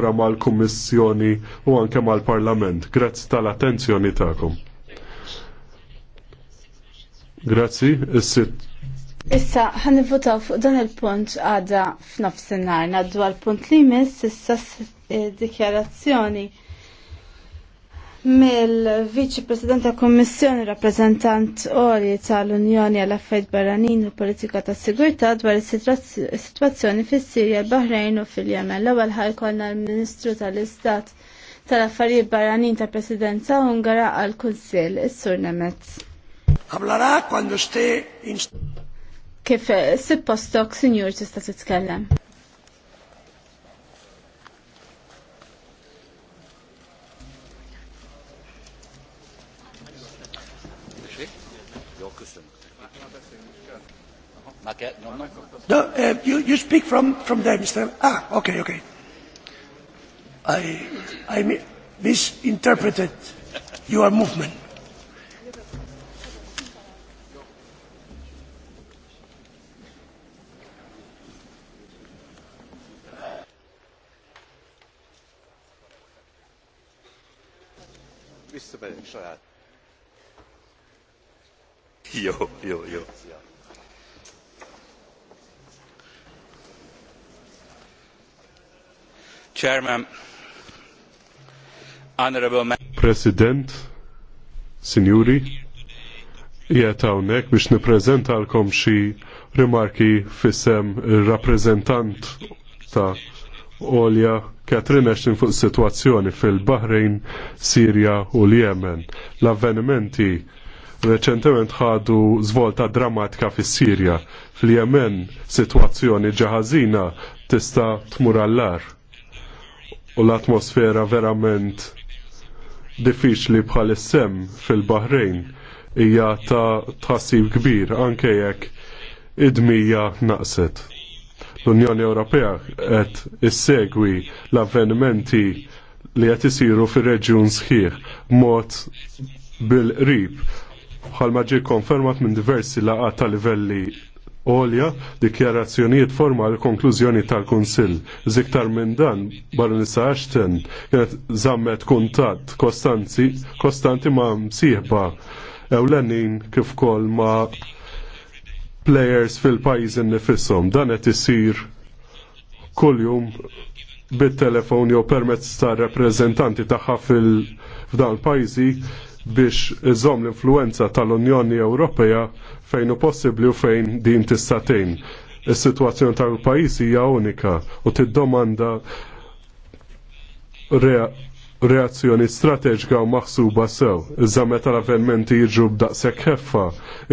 oħra mal-Kummissjoni u anke mal-Parlament. Grazzi tal-attenzjoni tagħkom. Grazzi, is Issa, ħan votaw fuq dan il-punt għada f'nofsinhar, naddu għal-punt li jmiss issa eh, dikjarazzjoni mill-Viċi President ta' Kommissjoni rappresentant Ori tal-Unjoni għal affajt barranin u politika ta' sigurtà dwar is-sitwazzjoni fis-Sirja, Bahrejn u fil-Jemen. L-ewwel ħajkolna l-Ministru tal-Istat tal-Affarijiet Barranin ta' Presidenza Ungara għal kunsill is-Sur Nemet. Hablará quando esté Kif eh, sippostok, sinjur, tista' titkellem. get no, no uh, you, you speak from, from there, Mr. Ah, okay, okay. I, I misinterpreted your movement. Mr. Bennett, Jo, jó, jó. Chairman, Honorable President, Signori, jiet hawnhekk biex nippreżentalkom xi rimarki fissem rappreżentant ta' Olja Katrin Ashton fuq situazzjoni fil-Bahrejn, Sirja u l-Jemen. L-avvenimenti reċentement ħadu zvolta drammatika fis sirja Fil-Jemen situazzjoni ġaħazina tista tmur allar u l-atmosfera verament diffiċli bħal sem fil-Bahrejn hija ta' tħassib kbir anke jekk id-dmija naqset. L-Unjoni Ewropea qed issegwi l-avvenimenti li qed isiru fir-reġjun sħiħ mod bil-qrib bħalma ġie konfermat minn diversi laqgħa ta' livelli olja dikjarazzjonijiet formali konklużjoni tal-Kunsill. Ziktar minn dan, Baronissa Ashton kienet zammet kuntat kostanzi, kostanti ma' msieħba ewlenin kif kol ma' players fil-pajizin nifissom. Dan qed isir kuljum bit-telefon jew permezz ta' rappreżentanti tagħha fil-dan pajzi biex iżom l-influenza tal-Unjoni Ewropea fejn u possibli u fejn din tistatejn. Is-sitwazzjoni tal-pajjiż hija unika u tiddomanda rea reazzjoni strateġika u maħsuba sew. Iżda meta l-avvenimenti jiġu b'daqshekk ħeffa,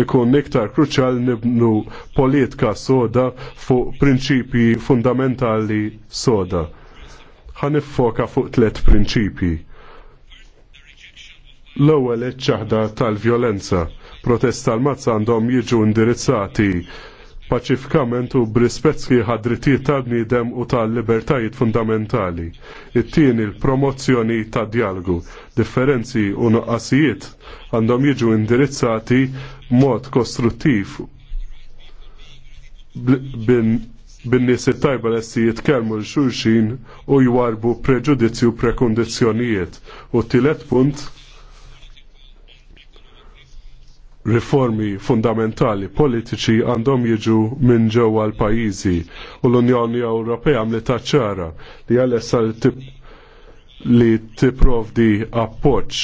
ikun iktar kruċjal nibnu politika soda fuq prinċipji fundamentali soda. Ħanifoka fuq tliet prinċipji l-ewwel iċ-ċaħda tal-vjolenza. protesta l mazza għandhom jiġu indirizzati paċifikament u brispetski ħad-drittijiet tal-bniedem u tal-libertajiet fundamentali. It-tieni l-promozzjoni ta' dialgu Differenzi u nuqqasijiet għandhom jiġu indirizzati mod kostruttiv bin-nies it-tajba lesti jitkellmu l-xulxin u jwarbu preġudizzju prekondizjonijiet. U t-tielet punt riformi fundamentali politiċi għandhom jiġu minn ġewwa l-pajjiżi u l-Unjoni Ewropea għamlet ċara li għalessa li tipprovdi appoġġ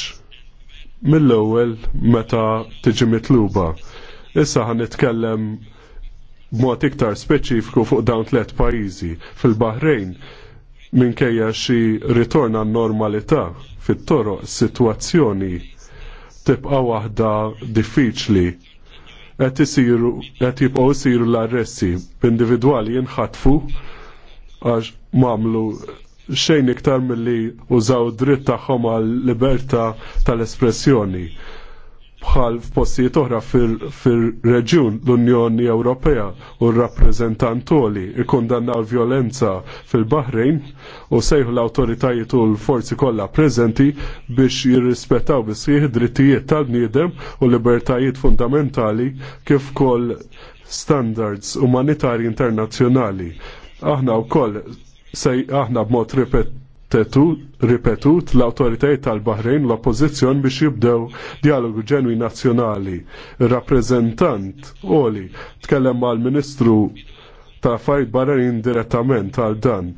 mill-ewwel meta tiġi mitluba. Issa ħan nitkellem b'mod iktar speċifiku fuq dawn tliet pajjiżi fil bahrejn minkejja xi ritorn għan normalità fit-toroq sitwazzjoni tibqa' waħda diffiċli. Qed isiru et jibqgħu jsiru l-arresti individuali jinħatfu għax mamlu xejn iktar milli użaw dritt tagħhom għal libertà tal-espressjoni bħal f'postijiet oħra fil-reġjun l-Unjoni Ewropea u r-rappreżentantoli ikkundannaw l-vjolenza fil bahrejn u sejħu l-awtoritajiet u l-forzi kollha preżenti biex jirrispettaw bisħieħ drittijiet tal-bniedem u libertajiet fundamentali kif ukoll standards umanitarji internazzjonali. Aħna wkoll sej aħna b'mod ripet ripetut l-autoritajiet tal-Bahrejn l-oppozizjon biex jibdew dialogu ġenwi nazzjonali. Rappreżentant Oli tkellem mal-Ministru ta' fajt barranin direttament għal dan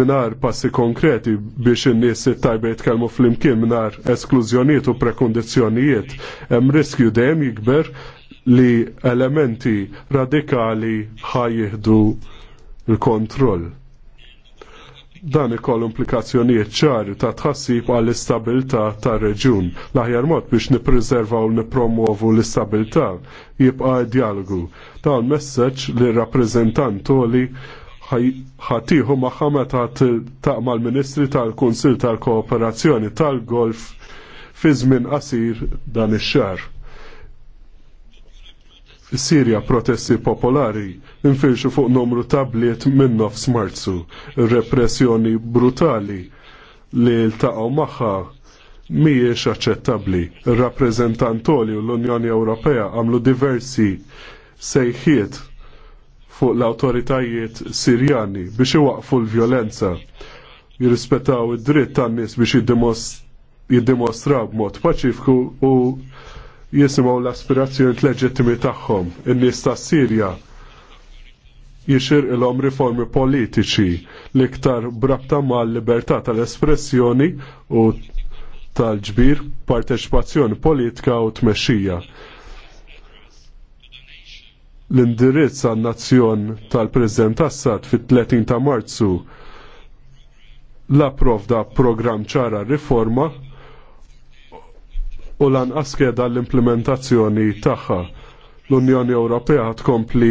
minar passi konkreti biex in-nies tajbej tajba fl flimkien minar esklużjonijiet u prekondizzjonijiet, hemm riskju dejjem jikber li elementi radikali ħajjieħdu l-kontroll dan ikoll implikazzjonijiet ċari ta' tħassib għall istabilità tar reġjun. L-aħjar mod biex nipreserva u nipromovu l-istabilità jibqa' dialogu. Dan messaġġ li rappreżentantoli ħatiħu magħha meta taqma ministri tal-Kunsil tal-Kooperazzjoni tal-Golf fi żmien qasir dan ix-xahar. Sirja protesti popolari infirxu fuq numru tabliet minnof smartsu, repressjoni brutali li l-taqaw maħħa miex aċċettabli. Rappresentantoli u l-Unjoni Ewropea għamlu diversi sejħiet fuq l-autoritajiet sirjani biex iwaqfu l-vjolenza, jirrispettaw id-dritt tan-nies biex jiddimostraw b'mod paċifiku u jisimaw l-aspirazzjoni t-leġittimi tagħhom. In-nies ta' Sirja jixir il-om riformi politiċi l-iktar ma' l libertà tal-espressjoni u tal-ġbir, parteċipazzjoni politika u tmexxija l-indirizz għan nazzjon tal-President Assad fit-30 ta' Marzu la provda program ċara riforma u lanqas askeda l-implementazzjoni tagħha. L-Unjoni Ewropea tkompli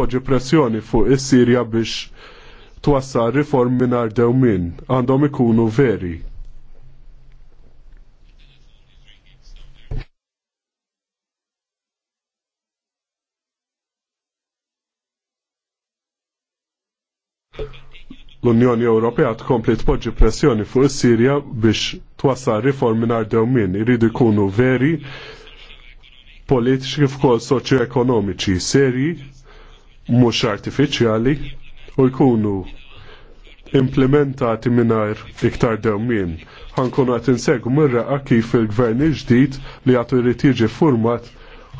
poġġi pressjoni fuq is-Sirja biex twassal riform mingħajr dewmien għandhom ikunu veri. l-Unjoni Ewropea tkompli tpoġġi pressjoni fuq is-Sirja biex twassal riformi nhar dewmien iridu jkunu veri politiċi kif soċjoekonomiċi serji mhux artifiċjali u jkunu implementati mingħajr iktar dewmien. Ħankunu qed insegwu mirraqa kif il-gvern il-ġdid li għatu jrid jiġi format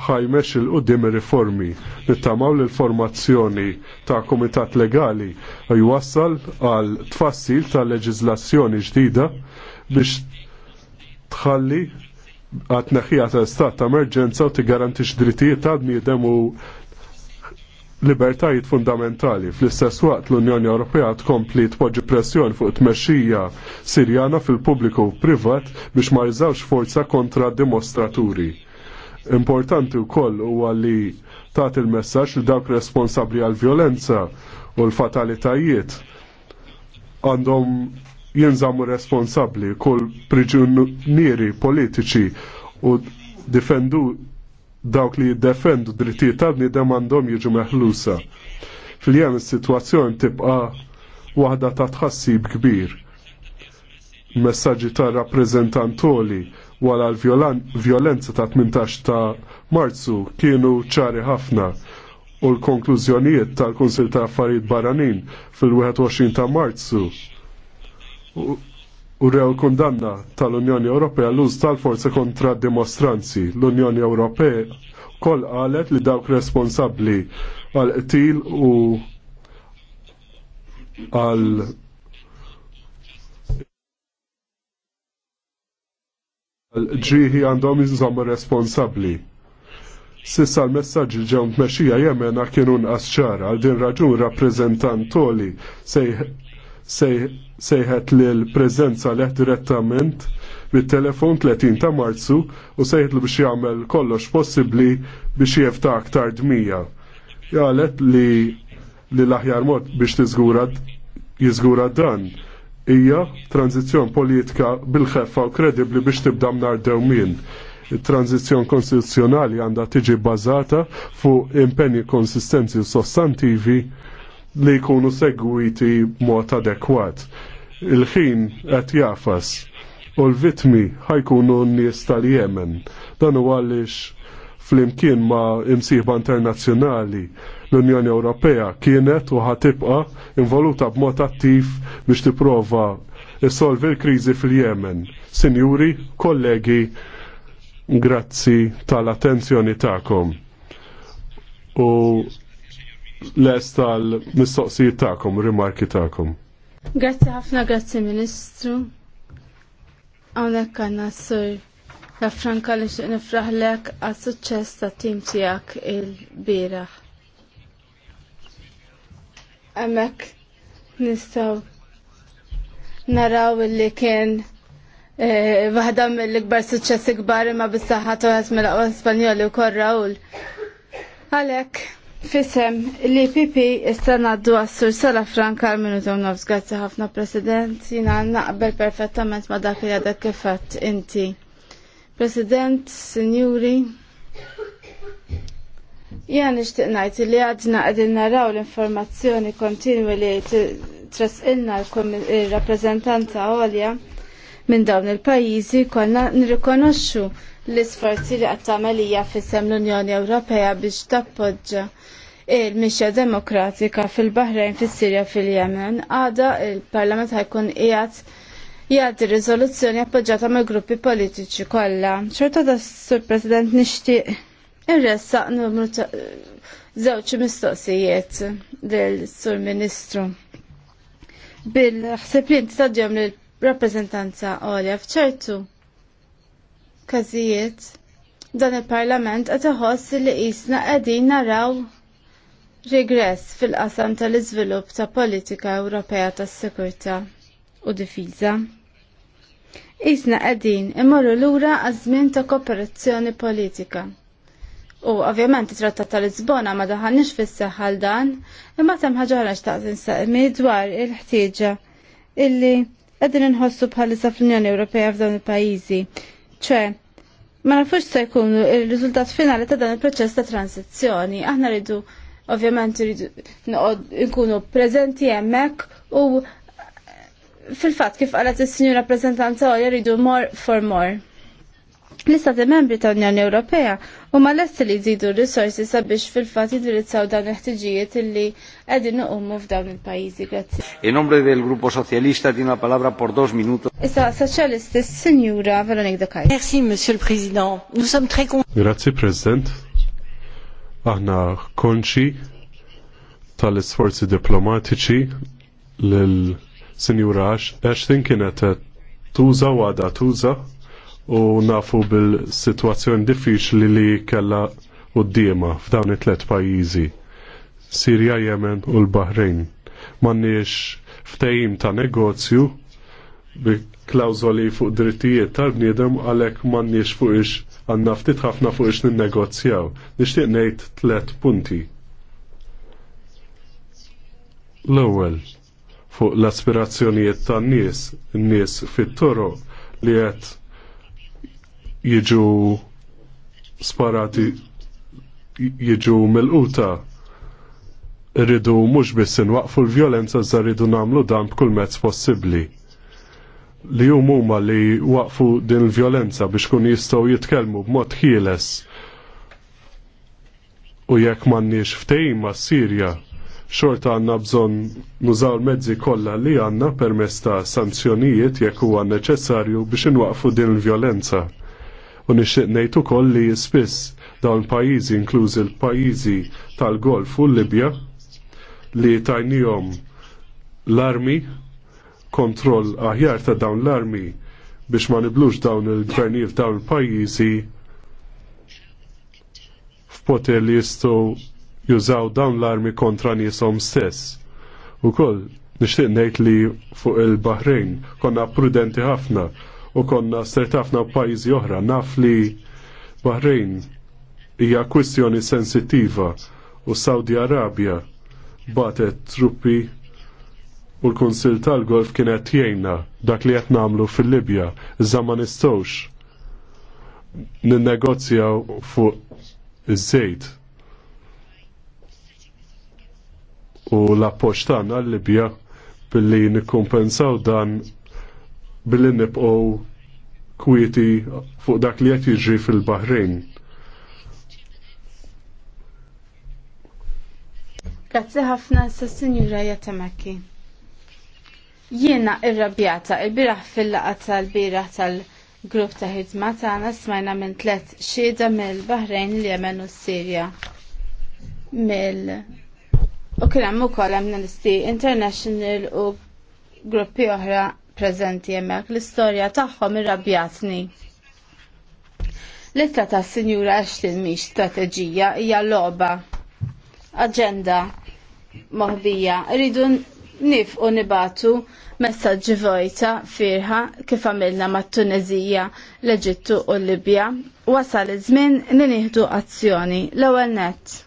ħajmex il-qoddim riformi tamaw l-formazzjoni ta' komitat legali jwassal għal tfassil ta' leġizlazzjoni ġdida biex tħalli għat neħija ta' stat ta' emerġenza u t-garanti drittijiet ta' bniedem u libertajiet fundamentali. Fl-istess waqt l-Unjoni Ewropea tkompli tpoġġi pressjoni fuq tmexxija Sirjana fil-pubbliku privat biex ma jżawx forza kontra dimostraturi Importanti wkoll huwa li taħt il-messaġġ li dawk responsabbli għall-vjolenza u l-fatalitajiet għandhom jinżammu responsabbli kull priġunieri politiċi u difendu dawk li jiddefendu drittijiet tal nidem għandhom jiġu meħlusa. Fil-jem is-sitwazzjoni tibqa' waħda ta' tħassib kbir messaġġi ta' rappreżentantoli wara l-violenza ta' 18 ta' Marzu kienu ċari ħafna u l-konklużjonijiet tal-Kunsil ta' Affarijiet Barranin fil-21 ta' Marzu u rew kundanna tal-Unjoni Ewropea l-uż tal-forza kontra dimostranzi. L-Unjoni Ewropea koll qalet li dawk responsabbli għal qtil u għal ġriħi għandhom jinżommu responsabbli. Sissa l-messagġi ġew mexxija jemena kienu nqas ċara għal din raġun rappreżentantoli sejħet li l prezenza leħ direttament bit-telefon 30 ta' Marzu u li biex jagħmel kollox possibbli biex jefta' aktar dmija. Jalet li li l-aħjar mod biex tiżgura jiżgura dan hija tranzizzjon politika bil-ħeffa u kredibli biex tibda mnar dewmin. Il-tranzizzjon konstituzzjonali għandha tiġi bazata fuq impenji konsistenzi u sostantivi li jkunu segwiti b'mod adekwat. Il-ħin qed jafas u l-vitmi ħajkunu n-nies tal-Jemen. Dan huwa għaliex flimkien ma' imsiħba internazzjonali l-Unjoni Ewropea kienet u ħatibqa involuta b'mod attiv biex tipprova issolvi l-kriżi fil-Jemen. Sinjuri, kollegi, grazzi tal-attenzjoni tagħkom. U lest tal-mistoqsijiet tagħkom, rimarki tagħkom. Grazzi ħafna, grazzi Ministru. Għonek għanna s-sur Franka li xieq nifraħlek għas suċċess ta' tim tijak il-biraħ. Għamek nistaw naraw li kien eh, waħda mill-ikbar suċċess ikbar imma bis-saħħa toħas mill Spanjoli u Raul. Għalek, fisem li pipi issa għaddu għassur sala Franka għal-minutu nofs, grazzi ħafna President, jina naqbel perfettament ma dak li għadek kifat inti. President, Signori, jgħan nishtiq najt li għadna għadin naraw l-informazzjoni kontinwi li trasqilna l-rappresentanza għolja minn dawn il-pajizi konna nirrikonoxxu l-isforzi li għattamelija fissem l-Unjoni Ewropea biex tappoġġa il-mixja demokratika fil-Bahrajn, fis sirja fil-Jemen, għada il-Parlament ħajkun qiegħed jgħaddi rizoluzzjoni appoġġjata mal gruppi politiċi kollha. ċerta da sur President nixtieq irressaq numru ta' żewġ mistoqsijiet lil sur Ministru. Bil-ħsiblin tadjom lil rappreżentanza għolja f'ċertu każijiet dan il-Parlament qed iħoss li qisna qegħdin naraw regress fil-qasam tal-iżvilupp ta' politika Ewropea tas-sikurtà u difiża. Isna qegħdin imorru lura għaż-żmien ta' kooperazzjoni politika. U ovvjament it-Trattat tal-Lisbona ma daħalniex fis-seħħa dan, imma hemm ħaġa oħra xtaqt insaqmi dwar il-ħtieġa illi qegħdin inħossu bħalissa fl-Unjoni Ewropea f'dawn il-pajjiżi. ċe, ma nafux se jkunu il-riżultat finali ta' dan il-proċess ta' transizzjoni. Aħna rridu ovvjament rridu nkunu preżenti hemmhekk u fil fat kif għalat il sinjur rappresentanza għal jridu more for more. L-istati membri ta' Unjoni Ewropea u ma l-est li jżidu risorsi sabiex fil-fat jidrizzaw dan il-ħtiġijiet illi qegħdin uqummu f'dawn il pajizi Grazzi. In nombre del Gruppo Socialista din la palabra por dos minutos. Issa soċjalisti Sinjura Veronique Dokaj. Merci Monsieur le Président. Nous sommes très contents. Grazie, President. Aħna konċi tal sforzi diplomatiċi lil Sinjura Ashton kienet eh, tuża għada tuża u nafu bil-situazzjoni diffiċli li kella u d-diema f'dawn it-tlet pajjiżi. Sirja, Yemen u l-Bahrejn. Mannix ftejim ta' negozju bi klawzoli fuq drittijiet tal-bniedem għalhekk mannix fuq ix għandna ftit ħafna fuq ix ninnegozjaw. Nixtieq ngħid tliet punti. L-ewwel, fuq l-aspirazzjonijiet tan nies n-nies fit-toro li qed jiġu sparati jiġu mel-uta rridu mhux biss inwaqfu l-vjolenza iżda rridu nagħmlu dan b'kull mezz possibbli. Li huma li waqfu din il-vjolenza biex kun jistgħu jitkellmu b'mod ħieles u jekk m'għandniex ftehim s sirja xorta għanna bżon nużaw l-mezzi kollha li għanna permess ta' sanzjonijiet jekk huwa neċessarju biex inwaqfu din il-vjolenza. U nixtieq ngħid ukoll li spiss dawn pajjiżi inklużi l-pajjiżi tal-Golf u l-Libja li tajnihom l-armi kontroll aħjar ta' dawn l-armi biex ma niblux dawn il-gvernijiet dawn il-pajjiżi f'poter li jistgħu jużaw dawn l-armi kontra nisom stess. U koll, nishtiq nejt li fuq il-Bahrejn, konna prudenti ħafna u konna stret ħafna pajizi oħra, naf li Bahrejn hija kwistjoni sensittiva u Saudi Arabia batet truppi u l-Konsil tal-Golf kienet jgħinna dak li qed nagħmlu fil-Libja, iżda ma nistgħux ninnegozjaw fuq iż-żejt u l appoċ tagħna għall-Libja billi nikkumpensaw dan billi nibqgħu kwieti fuq dak li qed jiġri fil-Baħrejn. Grazzi ħafna s-Sinjura Jatamaki. Jiena irrabjata il-biraħ fil-laqa tal-biraħ tal-grupp ta' ħidma tagħna smajna minn tliet xieda mill-Baħrejn li jemenu s-Sirja mill U kien hemm ukoll Amnesty International u gruppi oħra preżenti hemmhekk l-istorja tagħhom irrabjatni. L-ittra tas-Sinjura Ashton mhix strateġija hija logħba aġenda moħbija. Rridu nif u nibatu messaġġi vojta firħa kif għamilna mat tunezija l-Eġittu u l-Libja. Wasal iż-żmien li nieħdu azzjoni l-ewwel nett.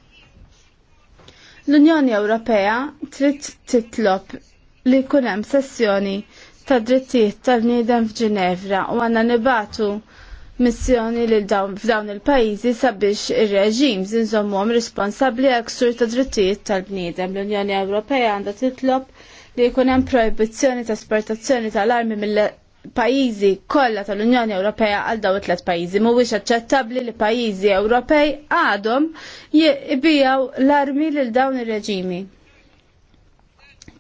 L-Unjoni Ewropea trid titlob li jkun hemm sessjoni ta' drittijiet tal bniedem f'Ġinevra u għandna nibatu missjoni li f'dawn il-pajjiżi sabiex ir-reġim zinżommhom responsabbli għal ksur ta' drittijiet tal-bniedem. L-Unjoni Ewropea għandha titlob li jkun hemm proibizzjoni ta' esportazzjoni tal-armi mill pajizi kollha tal-Unjoni Ewropea għal daw it-tlet pajizi. Mhuwiex aċċettabbli li pajizi Ewropej għadhom jibijaw l-armi lil dawn ir-reġimi.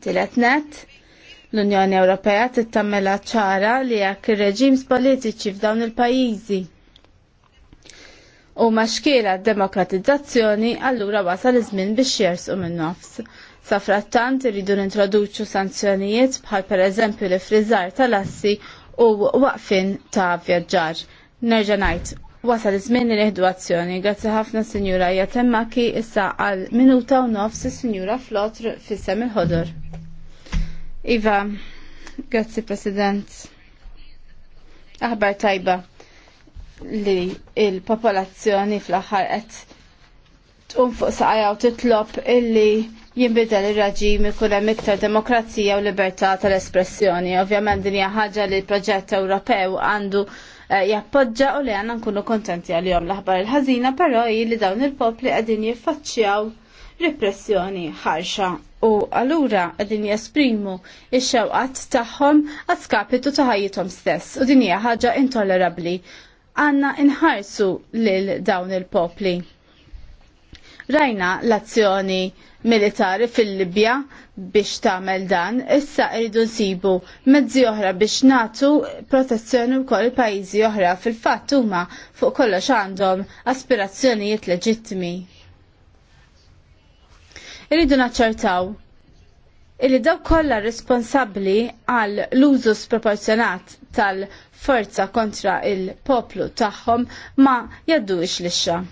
Tilet net, l-Unjoni Ewropea tittammela ċara li jekk ir-reġims politiċi f'dawn il-pajjiżi u ma xkiela demokratizzazzjoni allura wasal iż-żmien biex jersu minn nofs. Sa frattant irridu nintroduċu sanzjonijiet bħal pereżempju li friżar tal-assi u waqfin ta' vjaġġar. Nerġa' ngħid, wasal iż-żmien li neħdu azzjoni. Grazzi ħafna Sinjura Jatemmaki issa għal minuta u nofs is-Sinjura Flotr fissem il-ħodor. Iva, grazzi President. Aħbar tajba li il-popolazzjoni fl-aħħar qed tqum fuq saqajaw titlob illi jinbidel ir-raġim ikun hemm iktar demokrazija u libertà tal-espressjoni. Ovvjament din hija ħaġa li l-proġett Ewropew għandu eh, jappoġġa u li għandna nkunu kontenti għalihom l-aħbar il-ħażina però hi li dawn il-popli qegħdin jiffaċċjaw repressjoni ħarxa u allura qegħdin jesprimu il xewqat tagħhom għaskapitu taħajitom ta' ħajjithom stess u din hija ħaġa intollerabbli. Għanna inħarsu lil dawn il-popli. Rajna l-azzjoni militari fil-Libja biex tagħmel dan, issa rridu nsibu mezzi oħra biex natu protezzjoni wkoll pajjiżi oħra fil-fatt huma fuq kollox għandhom aspirazzjonijiet leġittimi. Irridu naċċertaw illi daw kollha responsabbli għal l-użu sproporzjonat tal-forza kontra il-poplu tagħhom ma jaddux lixxa.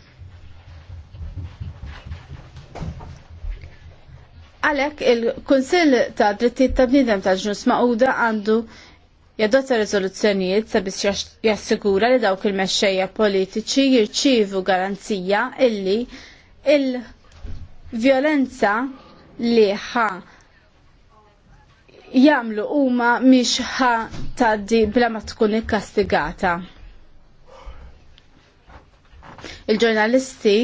Għalek il-Kunsill ta' Drittijiet ta' Bnidem ta' Ġnus Mauda għandu jadotta rezoluzzjonijiet sabiex jassigura li dawk il-mexxejja politiċi jirċivu garanzija illi il-violenza li ħa jamlu huma miex ħa taddi bla ma tkun ikkastigata. Il-ġurnalisti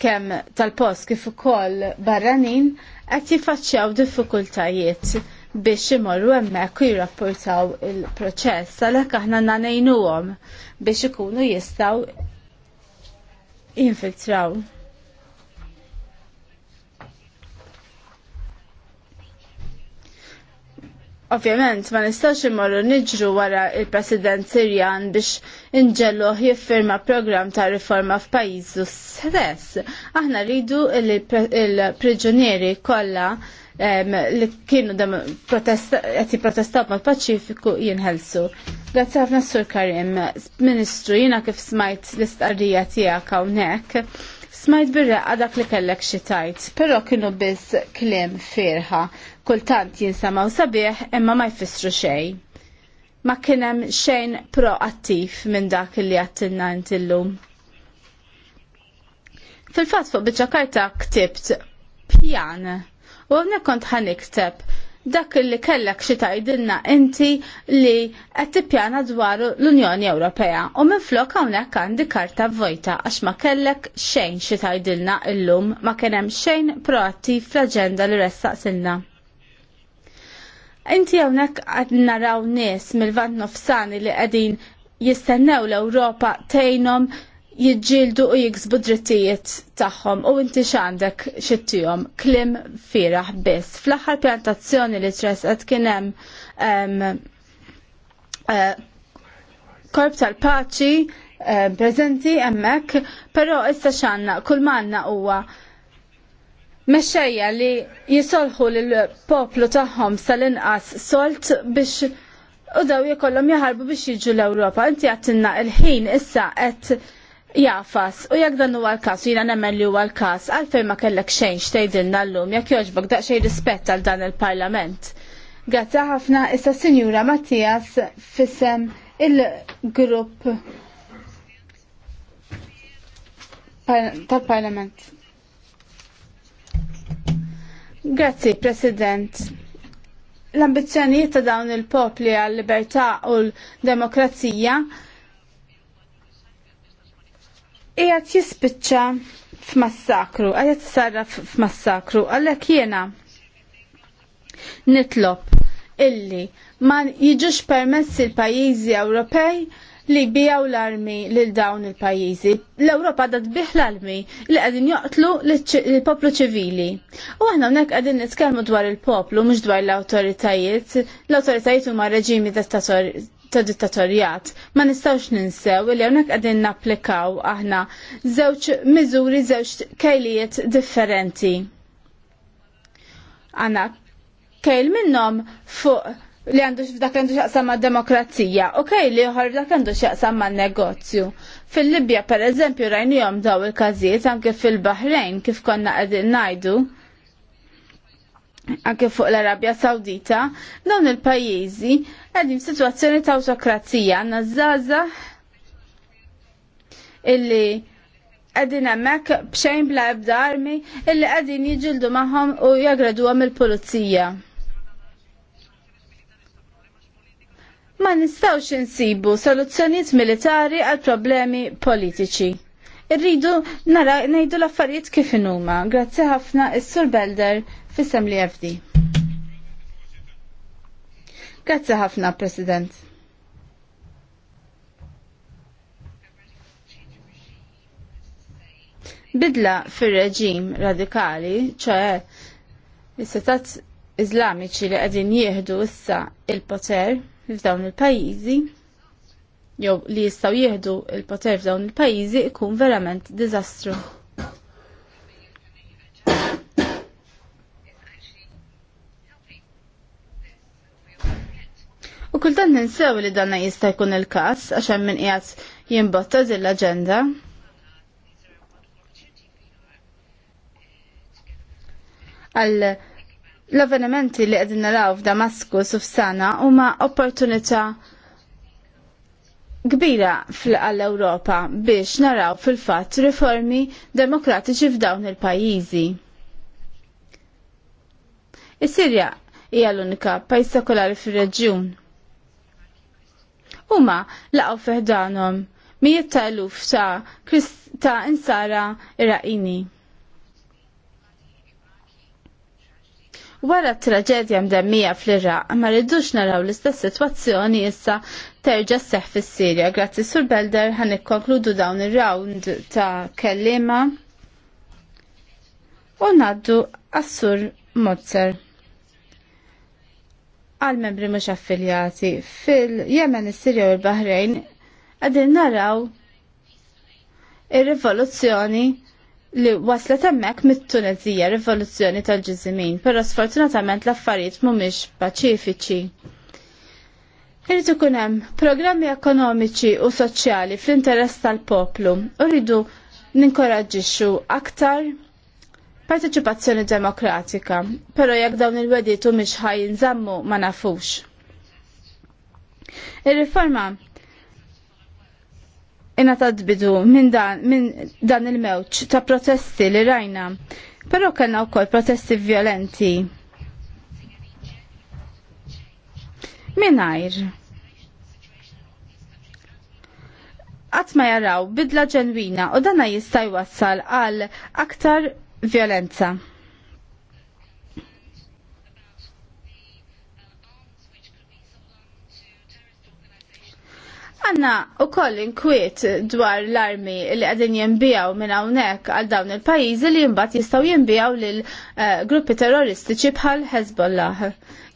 kemm tal-post kif ukoll barranin qed jiffaċċjaw diffikultajiet biex imorru hemmhekk u jirrapportaw il-proċess għalhekk aħna ngħinuhom biex ikunu jistgħu jinfiltraw. Ovvjament, ma nistax imorru niġru wara il-President Sirjan biex inġelluħ jiffirma program ta' riforma f'pajizu stess. Aħna rridu il-priġunieri kollha li kienu qed protestaw mal paċifiku jinħelsu. Grazzi ħafna Sur Karim, Ministru, jiena kif smajt l-istqarrija tiegħek hawnhekk. Smajt birra dak li kellek xi tajt, però kienu biss kliem firħa kultant jinsamaw sabiħ imma ma jfissru xejn. Ma kien hemm xejn proattiv minn dak li għattilna intillum. Fil-fatt fuq bieċa karta ktibt pjan u għavna kont ħanikteb dak li kellek xi tgħidilna inti li qed tippjana dwar l-Unjoni Ewropea u minflok hawnhekk għandi karta vojta għax ma kellek xejn xi tgħidilna illum ma kien hemm xejn proattiv fl-aġenda li ressaqsilna. Inti hawnhekk qed naraw nies mill-vant nofsani li qegħdin jistennew l-Ewropa tgħinhom jidġildu u jiksbu drittijiet tagħhom u inti x'għandek xittijom klim firaħ biss. Fl-aħħar pjantazzjoni li tresqet kien hemm eh, korp tal-paċi eh, prezenti emmek, pero issa xanna, kull manna huwa mexxejja li jisolħu lill-poplu tagħhom sal-inqas solt biex u daw jkollhom jaħarbu biex jiġu l-Ewropa. Inti għattinna il-ħin issa qed jafas u jekk dan huwa l-każ jiena nemmen li huwa l-każ għalfejn ma kellek xejn xtejdilna llum jekk jogħġbok daqsxejn rispett għal dan il-Parlament. Grazzi ħafna issa Sinjura Mattias fissem il-grupp tal-Parlament. Grazzi, President. L-ambizjonijiet ta' dawn il-popli għal-libertà u l-demokrazija qiegħed jispiċċa f'massakru, qiegħed sarra f'massakru, għalhekk jiena nitlob illi ma jiġux permessi l-pajjiżi Ewropej li bijaw l-armi lil dawn il-pajjiżi. L-Ewropa dat biħ l-armi li qegħdin joqtlu l-poplu ċivili. U aħna unnek qegħdin nitkellmu dwar il-poplu mhux dwar l-awtoritajiet. L-awtoritajiet huma reġimi ta' dittatorjat. Ma nistawx ninsew li hawnhekk qegħdin napplikaw aħna żewġ miżuri żewġ kajlijiet differenti. Għanna kajl minnom fuq li għandu f'dak għandu xaqsam ma' demokrazija, ok li uħar f'dak għandu xaqsam ma' negozju. Fil-Libja, per eżempju, rajnijom daw il-kazijiet anke fil-Bahrejn, kif konna għedin najdu, anke fuq l-Arabja Saudita, dawn il-pajizi għedin situazzjoni ta' autokrazija, għanna zaza illi għedin emmek bxejn bla ebda armi illi għedin jġildu maħom u jagradu għam il-polizija. ma nistawx insibu soluzzjonijiet militari għal problemi politiċi. Irridu nara ngħidu l-affarijiet kif inuma. Grazzi ħafna is-Sur Belder fissem li FD. Grazzi ħafna, President. Bidla fir-reġim radikali, ċoħe, is-setat iżlamiċi li għadin jieħdu issa il-poter, f'dawn il-pajjiżi jew li jistgħu jieħdu l poter f'dawn il-pajjiżi ikun verament diżastru. U kultant ninsew li danna jista' jkun il-każ għax hemm min qiegħed jimbotta din l-aġenda. għal L-avvenimenti li qegħdin naraw f'Damasku u f'Sana huma opportunità kbira fl-Europa biex naraw fil-fatt riformi demokratiċi f'dawn il-pajjiżi. Is-Sirja hija l-unika pajjiż sekolari fir-reġjun. Huma laqgħu fiħdanhom mijiet ta' eluf ta' insara Iraqini. Wara t traġedja mdemmija fl-Iraq, ma rridux naraw l-istess situazzjoni issa terġa seħ fis-Sirja. Grazzi sur Belder ħan ikkonkludu dawn ir-round ta' kellima u naddu għassur sur Mozzer għal membri mhux affiljati fil-Jemen, is-Sirja u l-Bahrejn qegħdin naraw ir-rivoluzzjoni li waslet hemmhekk mit-Tunezija rivoluzzjoni tal-Ġiżimin, però sfortunatament l-affarijiet mhumiex paċifiċi. Irrid ikun hemm programmi ekonomiċi u soċjali fl-interess tal-poplu u rridu ninkoraġġixxu aktar parteċipazzjoni demokratika, però jekk dawn il-wediet u mhix zammu ma nafux. Ir-riforma inna tadbidu minn dan, min dan il-mewġ ta' protesti li rajna. Però kellna wkoll protesti violenti. Minajr. Qatt ma jaraw bidla ġenwina u dana jista' jwassal għal aktar violenza. Għanna u koll inkwiet dwar l-armi li għadin jimbijaw minn hawnhekk għal dawn il-pajjiżi li mbagħad jistgħu jimbijaw lil eh, gruppi terroristiċi bħal Hezbollah.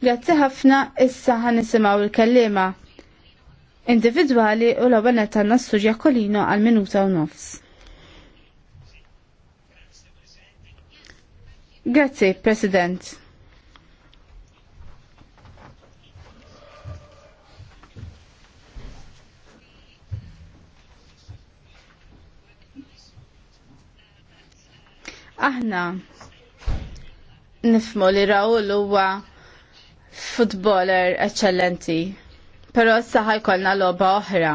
Grazzi ħafna issa nisimgħu il-kellima individwali u l-ewwel qed għandna Surja Kolino għal minuta u nofs. Grazzi, President. Aħna nifmu li Raul huwa futboler eccellenti, però s-saħaj logħba loba oħra.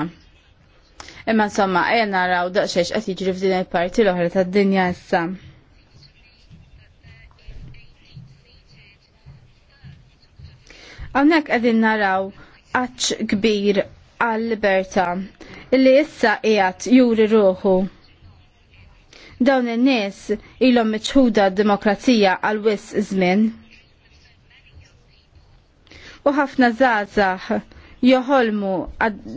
Imma insomma, ejja naraw daqxiex qed jiġri f'din il-parti l-oħra tad-dinja issa. Hawnhekk qegħdin naraw għax kbir għal-libertà li issa qiegħed juri ruħu Dawn in-nies ilhom miċħuda d-demokrazija għal wis żmien. U ħafna żgħażagħ joħolmu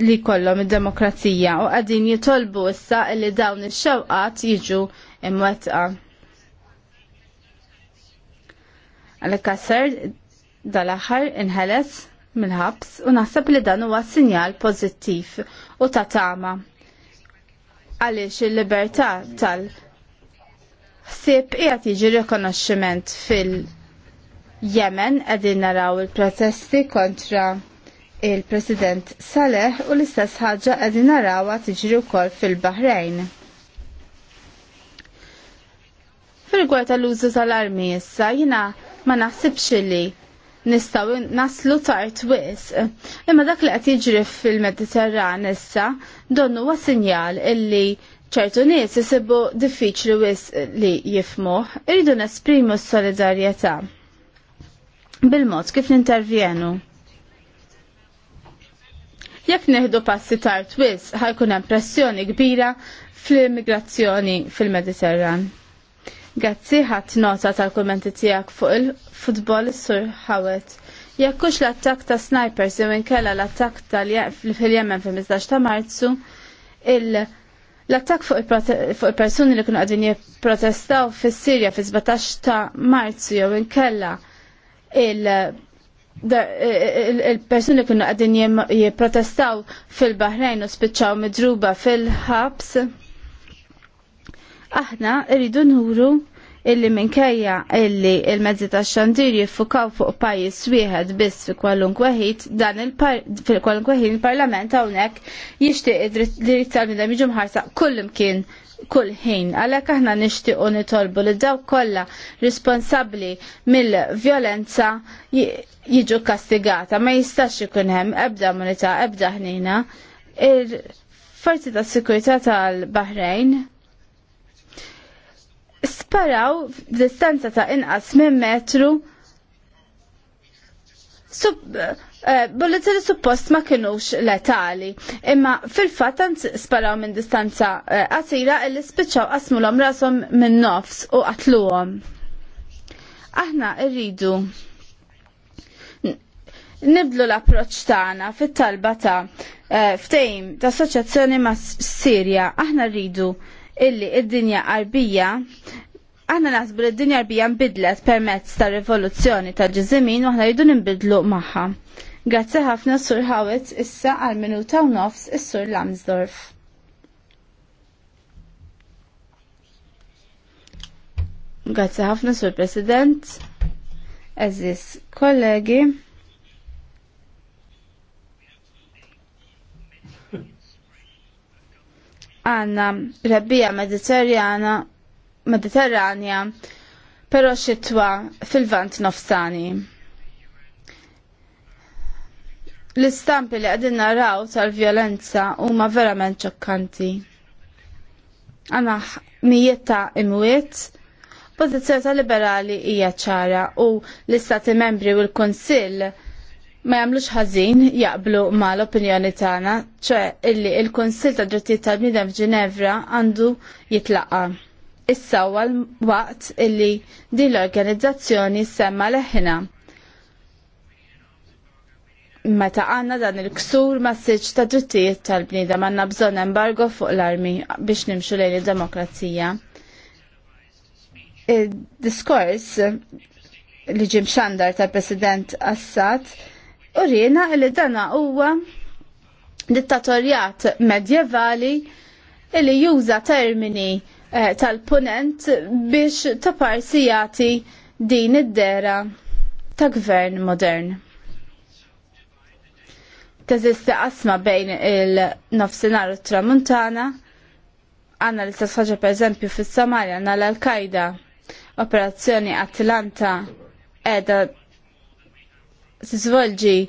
li kollhom id-demokrazija u qegħdin jitolbu issa li dawn ix-xewqat jiġu imwettqa. Għalhekk kasser dal-aħħar inħeles mill-ħabs u naħseb li dan huwa sinjal pożittiv u ta' tama għaliex il-libertà tal- ħsieb qiegħed jiġi rikonoxximent fil-Yemen qegħdin naraw il-protesti kontra il-President Saleh u l-istess ħaġa qegħdin narawha tiġri wkoll fil bahrejn Fil-gwar tal-użu tal-armi issa jiena ma naħsibx li nistaw naslu tard wis. Imma dak li qed jiġri fil-Mediterran issa donnu huwa sinjal illi ċertu nies isibu diffiċli wis li jifmuh, irridu nesprimu s-solidarjetà bil-mod kif nintervjenu. Jekk neħdu passi tard wis, ħajkun hemm pressjoni kbira fl-immigrazzjoni fil-Mediterran. Grazzi ħadd nota tal-kummenti tiegħek fuq il-futbol sur ħawet. Jekkux l-attak ta' snipers jew inkella l-attak tal-Jemen fil fil-15 ta' Marzu, il- L-attak fuq il-persuni li kienu għadin jipprotestaw fis sirja fi 17 ta' marzu jew inkella il-persuni li kienu għadin jipprotestaw fil-Bahrajn u spiċċaw midruba fil-ħabs. Aħna rridu nuru illi minkejja illi il-mezzi ta' xandir jiffukaw fuq pajis wieħed biss fi kwalunkwe ħin dan il kwalunkwe ħin il-Parlament hawnhekk jixtieq id-dritt tal-bnedem jiġu mħarsa kull imkien kull ħin. Għalhekk aħna nixtiequ nitolbu li dawk kollha responsabbli mill-vjolenza jiġu kastigata. Ma jistax ikun hemm ebda munita, ebda ħnina. Forzi ta' sikurità tal-Bahrejn sparaw f'distanza ta' inqas minn metru eh, bulletin suppost ma kienux letali, imma fil-fat sparaw minn distanza eh, qasira illi spiċċaw qasmulhom rashom minn nofs u qatluhom. Aħna rridu nibdlu l-approċ tagħna fit-talba ta' eh, ftejm ta' assoċjazzjoni ma' Sirja. Aħna rridu illi id-dinja qarbija aħna naħsbu li d-dinja qarbija nbidlet permezz tar rivoluzzjoni ta' ġiżimin u aħna jridu nbidlu magħha. Grazzi ħafna Sur Hawitz issa għal minuta u nofs is-Sur Lamsdorf. Grazzi ħafna Sur President, eżis kollegi. għanna rebbija mediterrana mediterranja pero xitwa fil-vant nofsani. L-istampi li għadin naraw tal-violenza huma verament ċokkanti. Għana mijiet imwiet, pożizzjoni ta' liberali hija ċara u l-istati membri u l konsil ma jagħmlux ħażin jaqblu ma l-opinjoni tagħna, ċe illi il-Kunsill ta' Drittijiet tal-Bniedem f'Ġinevra għandu jitlaqa. Issa għal waqt illi din l-organizzazzjoni semma leħħina. Meta għanna dan il-ksur massiġ ta' drittijiet tal-bniedem għanna bżonn embargo fuq l-armi biex nimxu lejn id-demokrazija. Il-diskors li ġim xandar tal-President Assad u rina li dana huwa dittatorjat medjevali li juża termini eh, tal-punent biex taparsijati din id-dera ta' gvern modern. Teżisti qasma bejn il-nofsinar u tramuntana, għanna li istess ħaġa per eżempju fis samalja għanna l-Al-Qaida, operazzjoni Atlanta edha tiżvolġi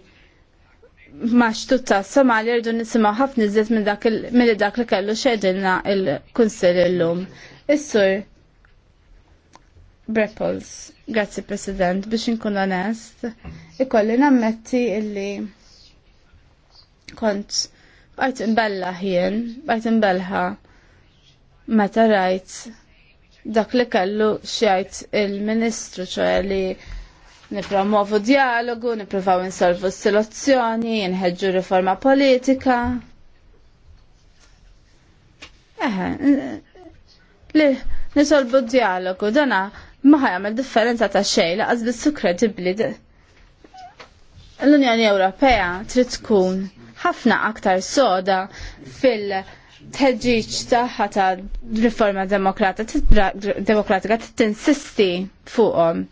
maċtu s Somalia rridu nisimgħu ħafna iżjed minn dak li kellu xedilna il-Kunsill illum. Is-sur Brepples, grazzi President, biex inkun onest, ikolli nammetti illi kont bajt imbella ħien, bajt imbelħa meta rajt dak li kellu xjajt il-Ministru ċoħe li nipromovu dialogu, niprofaw insolvu s-soluzzjoni, nħedġu riforma politika. Eħe, li nisolvu dialogu, dana maħħa jgħamil differenza ta' xej, laqas bissu kredibli. L-Unjoni Ewropea trid tkun ħafna aktar soda fil- teġiċ taħħa ta' riforma demokratika t-tinsisti fuqom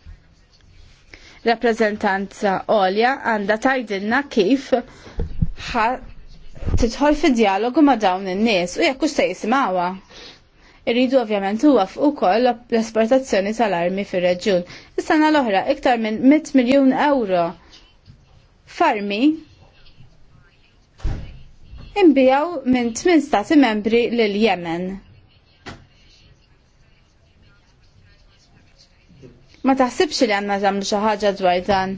rappresentanza għolja għandha tajdilna kif titħol fi dialogu ma' dawn in-nies u jekk se jismawa. Irridu ovvjament huwa fuq ukoll l-esportazzjoni tal-armi fir-reġjun. Is-sena l-oħra iktar minn 100 miljun euro farmi imbijaw minn 8 stati membri lil Yemen. Ma taħsibx li għanna ġamlu xaħġa dwar dan.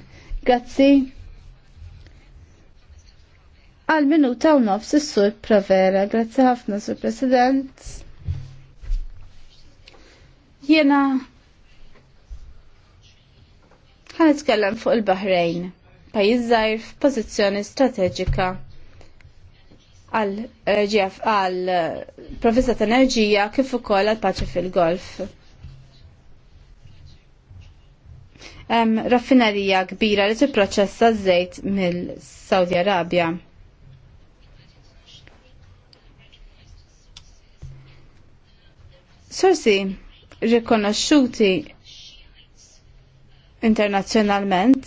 Grazzi. Għal minuta u nofs is-sur Provera. Grazzi ħafna, sur President. Jena ħan nitkellem fuq il-Bahrejn, pajjiż żgħir f'pożizzjoni strateġika għal eh, ġief għal eh, provvista ta' enerġija kif ukoll għal paċi fil-golf. raffinerija kbira li tipproċessa żejt mill-Saudi Arabja. Sorsi rikonoxxuti internazzjonalment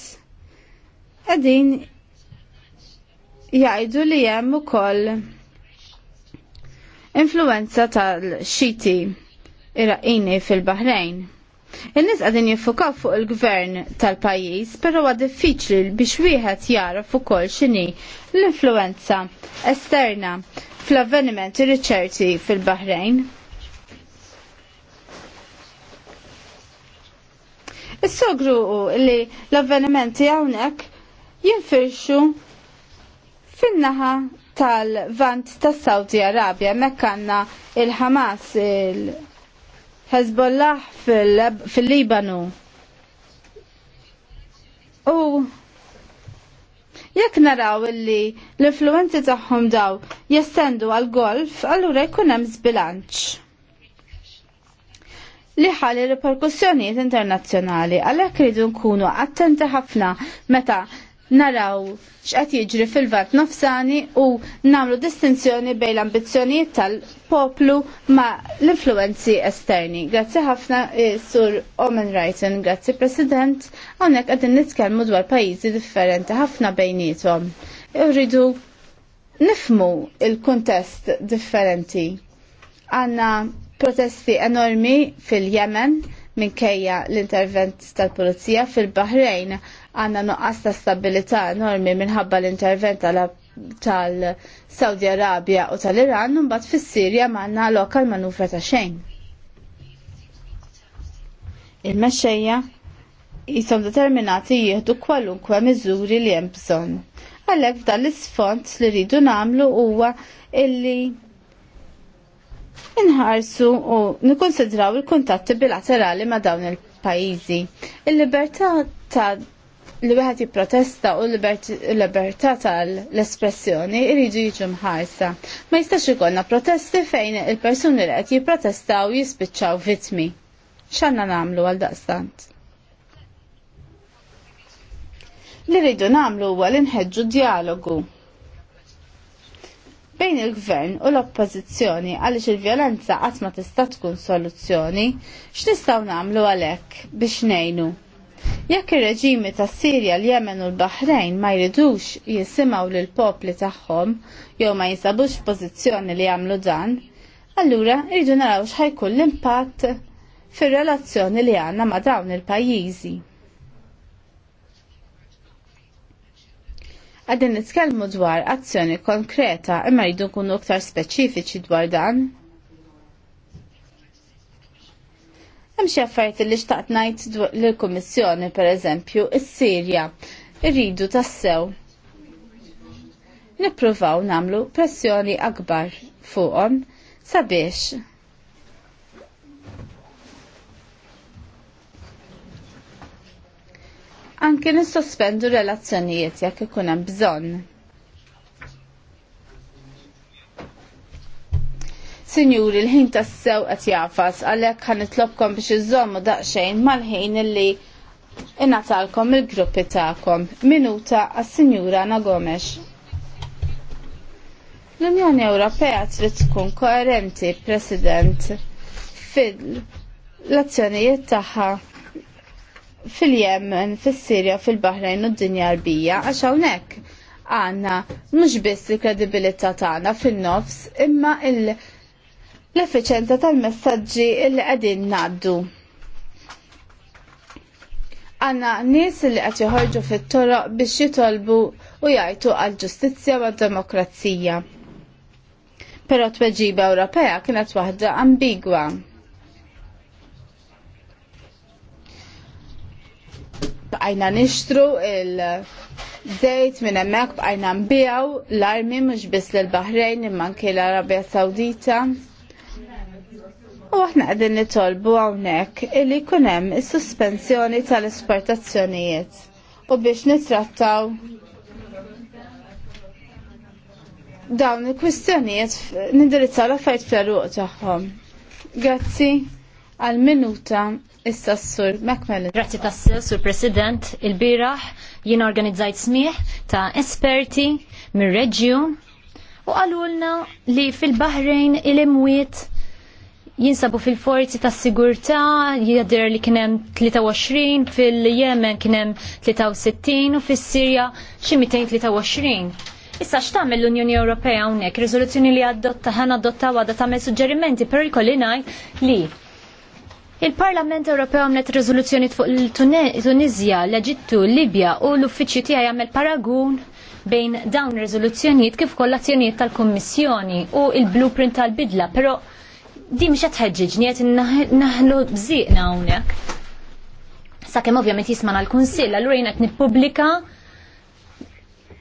qegħdin jgħidu li hemm ukoll influenza tal-xiti Iraqini fil-Bahrejn. In-nies għadin jiffukaw fuq il-gvern tal-pajjiż, però huwa diffiċli biex wieħed jaraf ukoll x'inhi l-influenza esterna fl-avvenimenti riċerti fil bahrejn Is-sogru li l-avvenimenti hawnhekk jinfirxu fin-naħa tal-vant tas-Saudi Arabja mekk għandna il-Ħamas -Hamas, il Hezbollah fil-Libanu. U jekk naraw illi l-influenzi tagħhom daw jestendu għal golf allura jkun hemm żbilanċ. Li ħalli riperkussjonijiet internazzjonali għalhekk ridu nkunu attenti ħafna meta naraw x'qed jiġri fil-vat nofsani u nagħmlu distinzjoni bejn l-ambizzjonijiet tal-poplu ma' l-influenzi esterni. Grazzi ħafna eh, sur Omen Rajten, grazzi President, għonek għadin nitkellmu dwar pajjiżi differenti ħafna bejnietom. Irridu e nifmu il-kontest differenti. Għanna protesti enormi fil-Yemen minkejja l-intervent tal-Pulizija fil-Bahrejn għanna nuqqas ta' stabilità enormi minħabba l-intervent tal-Saudi Arabia u tal-Iran, mbagħad fis-Sirja m'għandna lokal manufra ta' xejn. Il-mexxejja jisom determinati jieħdu kwalunkwe miżuri li hemm bżonn. Għalhekk f'dan l-isfond li rridu nagħmlu huwa illi inħarsu u nikkonsidraw il-kuntatti bilaterali ma' dawn il-pajjiżi. Il-libertà ta' li wieħed jipprotesta u l-libertà tal-espressjoni jridu jiġu mħarsa. Ma jistax ikollna protesti fejn il-persuni li qed jipprotestaw jispiċċaw vittmi. X'għandna nagħmlu għal daqstant? Li rridu nagħmlu huwa li nħeġġu dialogu bejn il-gvern u l-oppożizzjoni għaliex il-vjolenza qatt ma tista' tkun soluzzjoni, x'nistgħu nagħmlu għalhekk biex ngħinu Jekk ir-reġimi ta' Sirja, l-Jemen u l bahrejn ma jridux jisimaw lil popli tagħhom jew ma jinsabux pożizzjoni li jagħmlu dan, allura rridu naraw x'ħajkun l-impatt fir-relazzjoni li għandna ma' dawn il-pajjiżi. Għadin nitkellmu dwar azzjoni konkreta imma jridu nkunu aktar speċifiċi dwar dan. Hemm xi affarijiet li xtaqt ngħid lill-Kummissjoni pereżempju is-Sirja irridu tassew. Nippruvaw nagħmlu pressjoni akbar fuqhom sabiex anke nissospendu relazzjonijiet jekk ikun hemm bżonn. Sinjuri, l-ħin tassew qed jafas, għalhekk ħanitlobkom biex iżommu daqsxejn mal-ħin illi inatalkom il-gruppi tagħkom. Minuta għas-Sinjura Ana Gomes. L-Unjoni Ewropea trid tkun koerenti, President, fil-azzjonijiet tagħha fil-Yemen, fis-Sirja, fil bahrajn u d-dinja Arbija għax hawnhekk għandna mhux biss il-kredibilità tagħna fin-nofs imma il- l-effiċenza tal-messagġi li qegħdin ngħaddu għanna nis li għat joħorġu fit-toroq biex jitolbu u jajtu għal ġustizzja u demokrazija. Pero tweġiba Ewropea kienet waħda ambigwa. Bqajna nixtru il dejt minn hemmhekk bqajna nbijaw l-armi mhux biss l-Bahrejn imman anke l-Arabja Sawdita. U aħna qegħdin nitolbu hawnhekk illi jkun hemm is-suspensjoni tal-esportazzjonijiet u biex nitrattaw dawn il-kwistjonijiet nindirizzaw l affajt fl-eruq tagħhom. Grazzi għal minuta issa s-sur Macmillan. Grazzi tassew, sur President, il-biraħ jina organizzajt smieħ ta' esperti mir reġjun u għalulna li fil-Bahrejn il-imwiet jinsabu fil-forzi ta' sigurtà jidher li kien hemm 23, fil-Yemen kien hemm 63 u fis-Sirja xi 223. Issa x'tagħmel l-Unjoni Ewropea hawnhekk, Rizoluzzjoni li adotta ħana adotta ta' tagħmel suġġerimenti, per jkolli ngħid li Il-Parlament Ewropew għamlet riżoluzzjoni fuq il-Tunizja, l-Eġittu, Libja u l-uffiċċju tiegħi għamel paragun bejn dawn ir-riżoluzzjonijiet kif kollazzjonijiet tal-Kummissjoni u il-blueprint tal-bidla, però di mhux qed ħeġġiġni qed naħlu bżiqna hawnhekk. Sakemm ovvjament jismana l-Kunsill, allura jien qed nippubblika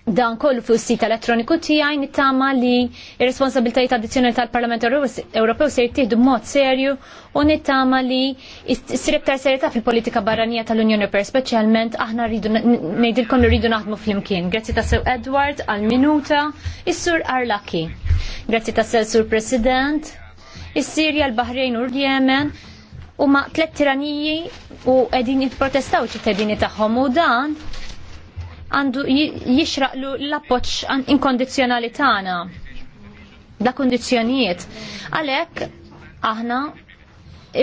dan kollu fuq sit elettroniku tiegħi nittama li r-responsabiltajiet addizzjonali tal-Parlament Ewropew se jittieħdu b'mod serju u nittama li s-sirib ta' serjetà fil-politika barranija tal-Unjoni Ewropea speċjalment aħna rridu ngħidilkom li rridu naħdmu flimkien. Grazzi ta' sew Edward għal minuta is-sur Arlaki. Grazzi ta' sew Sur President. Is-Sirja, l-Bahrejn u l-Jemen u ma tlet tiraniji u edin jitprotestaw ċittadini tagħhom u dan għandu jixraqlu l-appoċ inkondizjonali tagħna da kondizjonijiet. Għalhekk aħna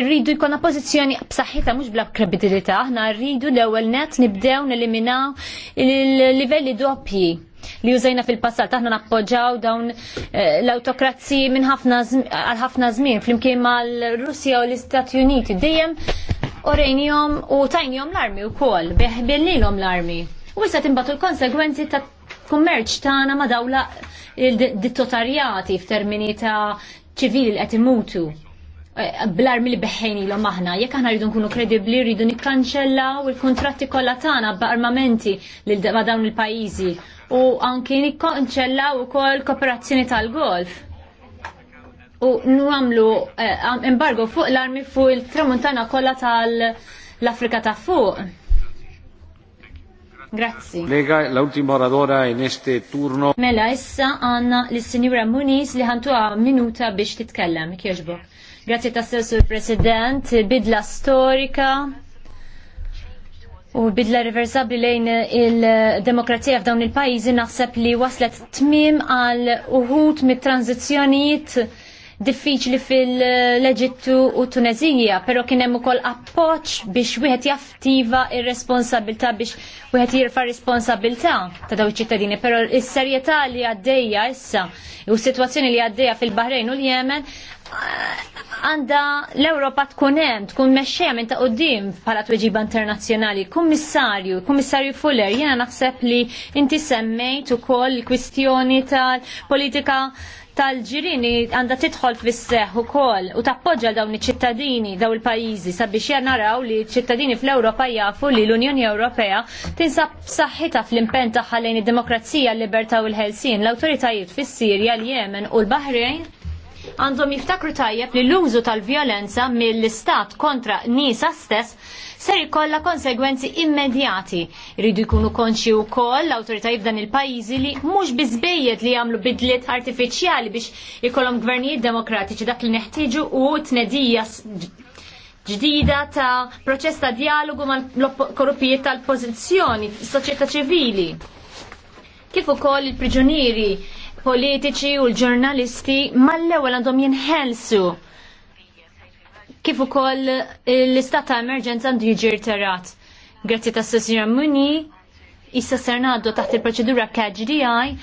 rridu jkollna pożizzjoni b'saħħitha mhux bla kredibilità, aħna rridu l-ewwel net nibdew neliminaw il-livelli doppji li użajna fil-passat. Aħna nappoġġaw dawn eh, l-autokrazzi minn għal ħafna żmien flimkien mal-Russja u l-Istati Uniti dejjem orejnijom u tajnijom l-armi u kol, l-armi. U issa timbatu l-konsegwenzi ta' kummerċ tagħna ma' dawla dittotarjati f'termini ta' ċivili li qed imutu eh, bl-armi li beħħejni l aħna, jekk aħna rridu nkunu kredibli, rridu nikkanċellaw il-kontratti kollha tagħna b'armamenti lil dawn il-pajjiżi u anki nikkonċellaw ukoll kooperazzjoni tal-golf. U n-għamlu eh, embargo fuq l-armi fuq il-tramuntana kollha tal-Afrika ta' fuq. Grazzi. Lega, l-ultima oradora in este turno. Mela, issa għanna l-Sinjura Muniz li ħantuha minuta biex titkellem, kieġbok. Grazzi ta' Sur President, bidla storika U bidla reversabli lejn il-demokrazija f'dawn il-pajjiżi naħseb li waslet tmim għal uħut mit-tranzizzjonijiet diffiċli fil-Leġittu u Tunezija, pero kien hemm ukoll appoġġ biex wieħed jaftiva ir-responsabilità biex wieħed jirfa' responsabilità ta' daw iċ-ċittadini, però s-serjetà li għaddejja issa u s-sitwazzjoni li għaddejja fil-Bahrejn u l-Jemen għanda l-Europa tkun hemm, tkun mexxejja minn ta' qudiem bħala tweġiba internazzjonali. Kummissarju, Kummissarju Fuller, jiena naħseb li inti semmejt ukoll il-kwistjoni tal-politika tal-ġirini għanda titħol fis-seħ ukoll u tappoġġa dawn iċ-ċittadini daw il-pajjiżi sabiex naraw li ċ-ċittadini fl-Ewropa jafu li l-Unjoni Ewropea tinsab saħħita fl-impenn tagħha lejn id-demokrazija, l-libertà u l-ħelsien, l-awtoritajiet fis-Sirja, l-Yemen u l-Baħrejn għandhom jiftakru tajjeb li l-użu tal-vjolenza mill-istat kontra nisa stess ser ikolla konsegwenzi immedjati. Ridu jkunu konxi u koll l-autoritajiet f'dan il-pajizi li mhux bizbejjed li jagħmlu bidliet artifiċjali biex ikollhom gvernijiet demokratiċi dak li neħtieġu u tnedija ġdida ta' proċess ta' dialogu mal-korrupijiet tal-pożizzjoni, soċjetà ċivili. Kif ukoll il-priġunieri politiċi u l-ġurnalisti mal-ewwel għandhom jinħelsu kif ukoll l-istat ta' emerġenza għandu jiġi rterat. Grazzi ta' Sessjora Muni, issa ser ngħaddu taħt il-proċedura KGDI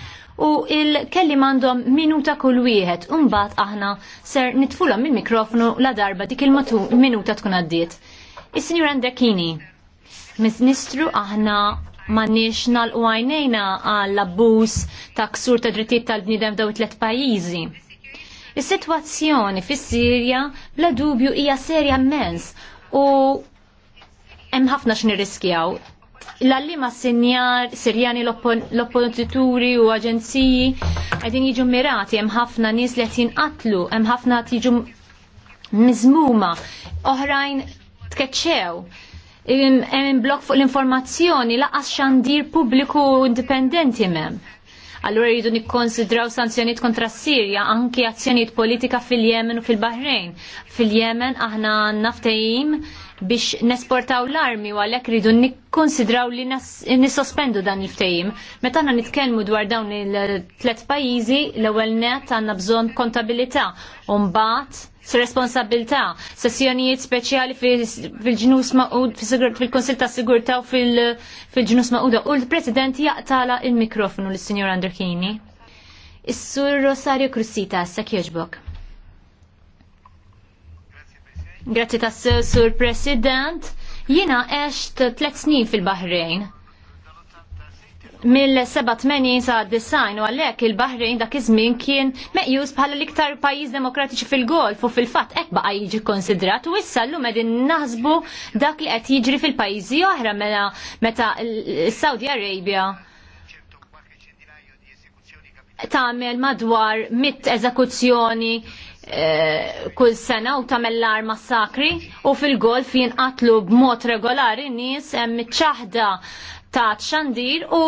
u il-kellim għandhom minuta kull wieħed u mbagħad aħna ser nitfulhom mill-mikrofonu la darba dik il-minuta tkun għaddiet. Is-Sinjur Andrakini, Nistru aħna m'għandniex nagħlqu għajnejna għall abbuż ta' ksur ta' drittijiet tal-bniedem daw tliet pajjiżi. Is-sitwazzjoni fis-Sirja bla dubju hija serja immens u hemm ħafna x'nirriskjaw. L-allima sinjar, sirjani l-opponituri u aġenziji għedin jiġu mirati, hemm ħafna nies li qed jinqatlu, hemm ħafna tiġu mizmuma, oħrajn tkeċċew hemm blok fuq l-informazzjoni laqas xandir pubbliku indipendenti mem. Allura jridu nikkonsidraw sanzjoniet kontra Sirja anki azzjonijiet politika fil-Jemen u fil-Bahrejn. Fil-Jemen aħna naftajim biex nesportaw l-armi u għalhekk rridu nikkonsidraw li nissospendu dan il-ftehim. Meta għandna nitkellmu dwar dawn il-tlet pajjiżi, l-ewwel net għandna bżonn kontabilità u mbagħad responsabilta, sessjonijiet speċjali fil-ġnus maqud, fil-Konsil ta' Sigurta u fil-ġnus maqud, U l-President jaqtala il-mikrofonu l signor Andrkini. Is-Sur Rosario Crusita, s-sak Grazie Grazzi tas Sur President. Jina eċt tlet snin fil-Bahrejn mill-87 sa' design u għalhekk il-Bahrejn dak iż-żmien kien meqjus bħala l-iktar pajjiż demokratiċi fil-golf u fil-fatt hekk baqa' jiġi konsidrat u issa llum qegħdin naħsbu dak li qed jiġri fil-pajjiżi oħra mela meta l-Saudi Arabia tagħmel madwar mit eżekuzzjoni eh, kull sena u tamel l-ar massakri u fil-golf jinqatlu b'mod regolari nies hemm ċaħda ta' ċandir u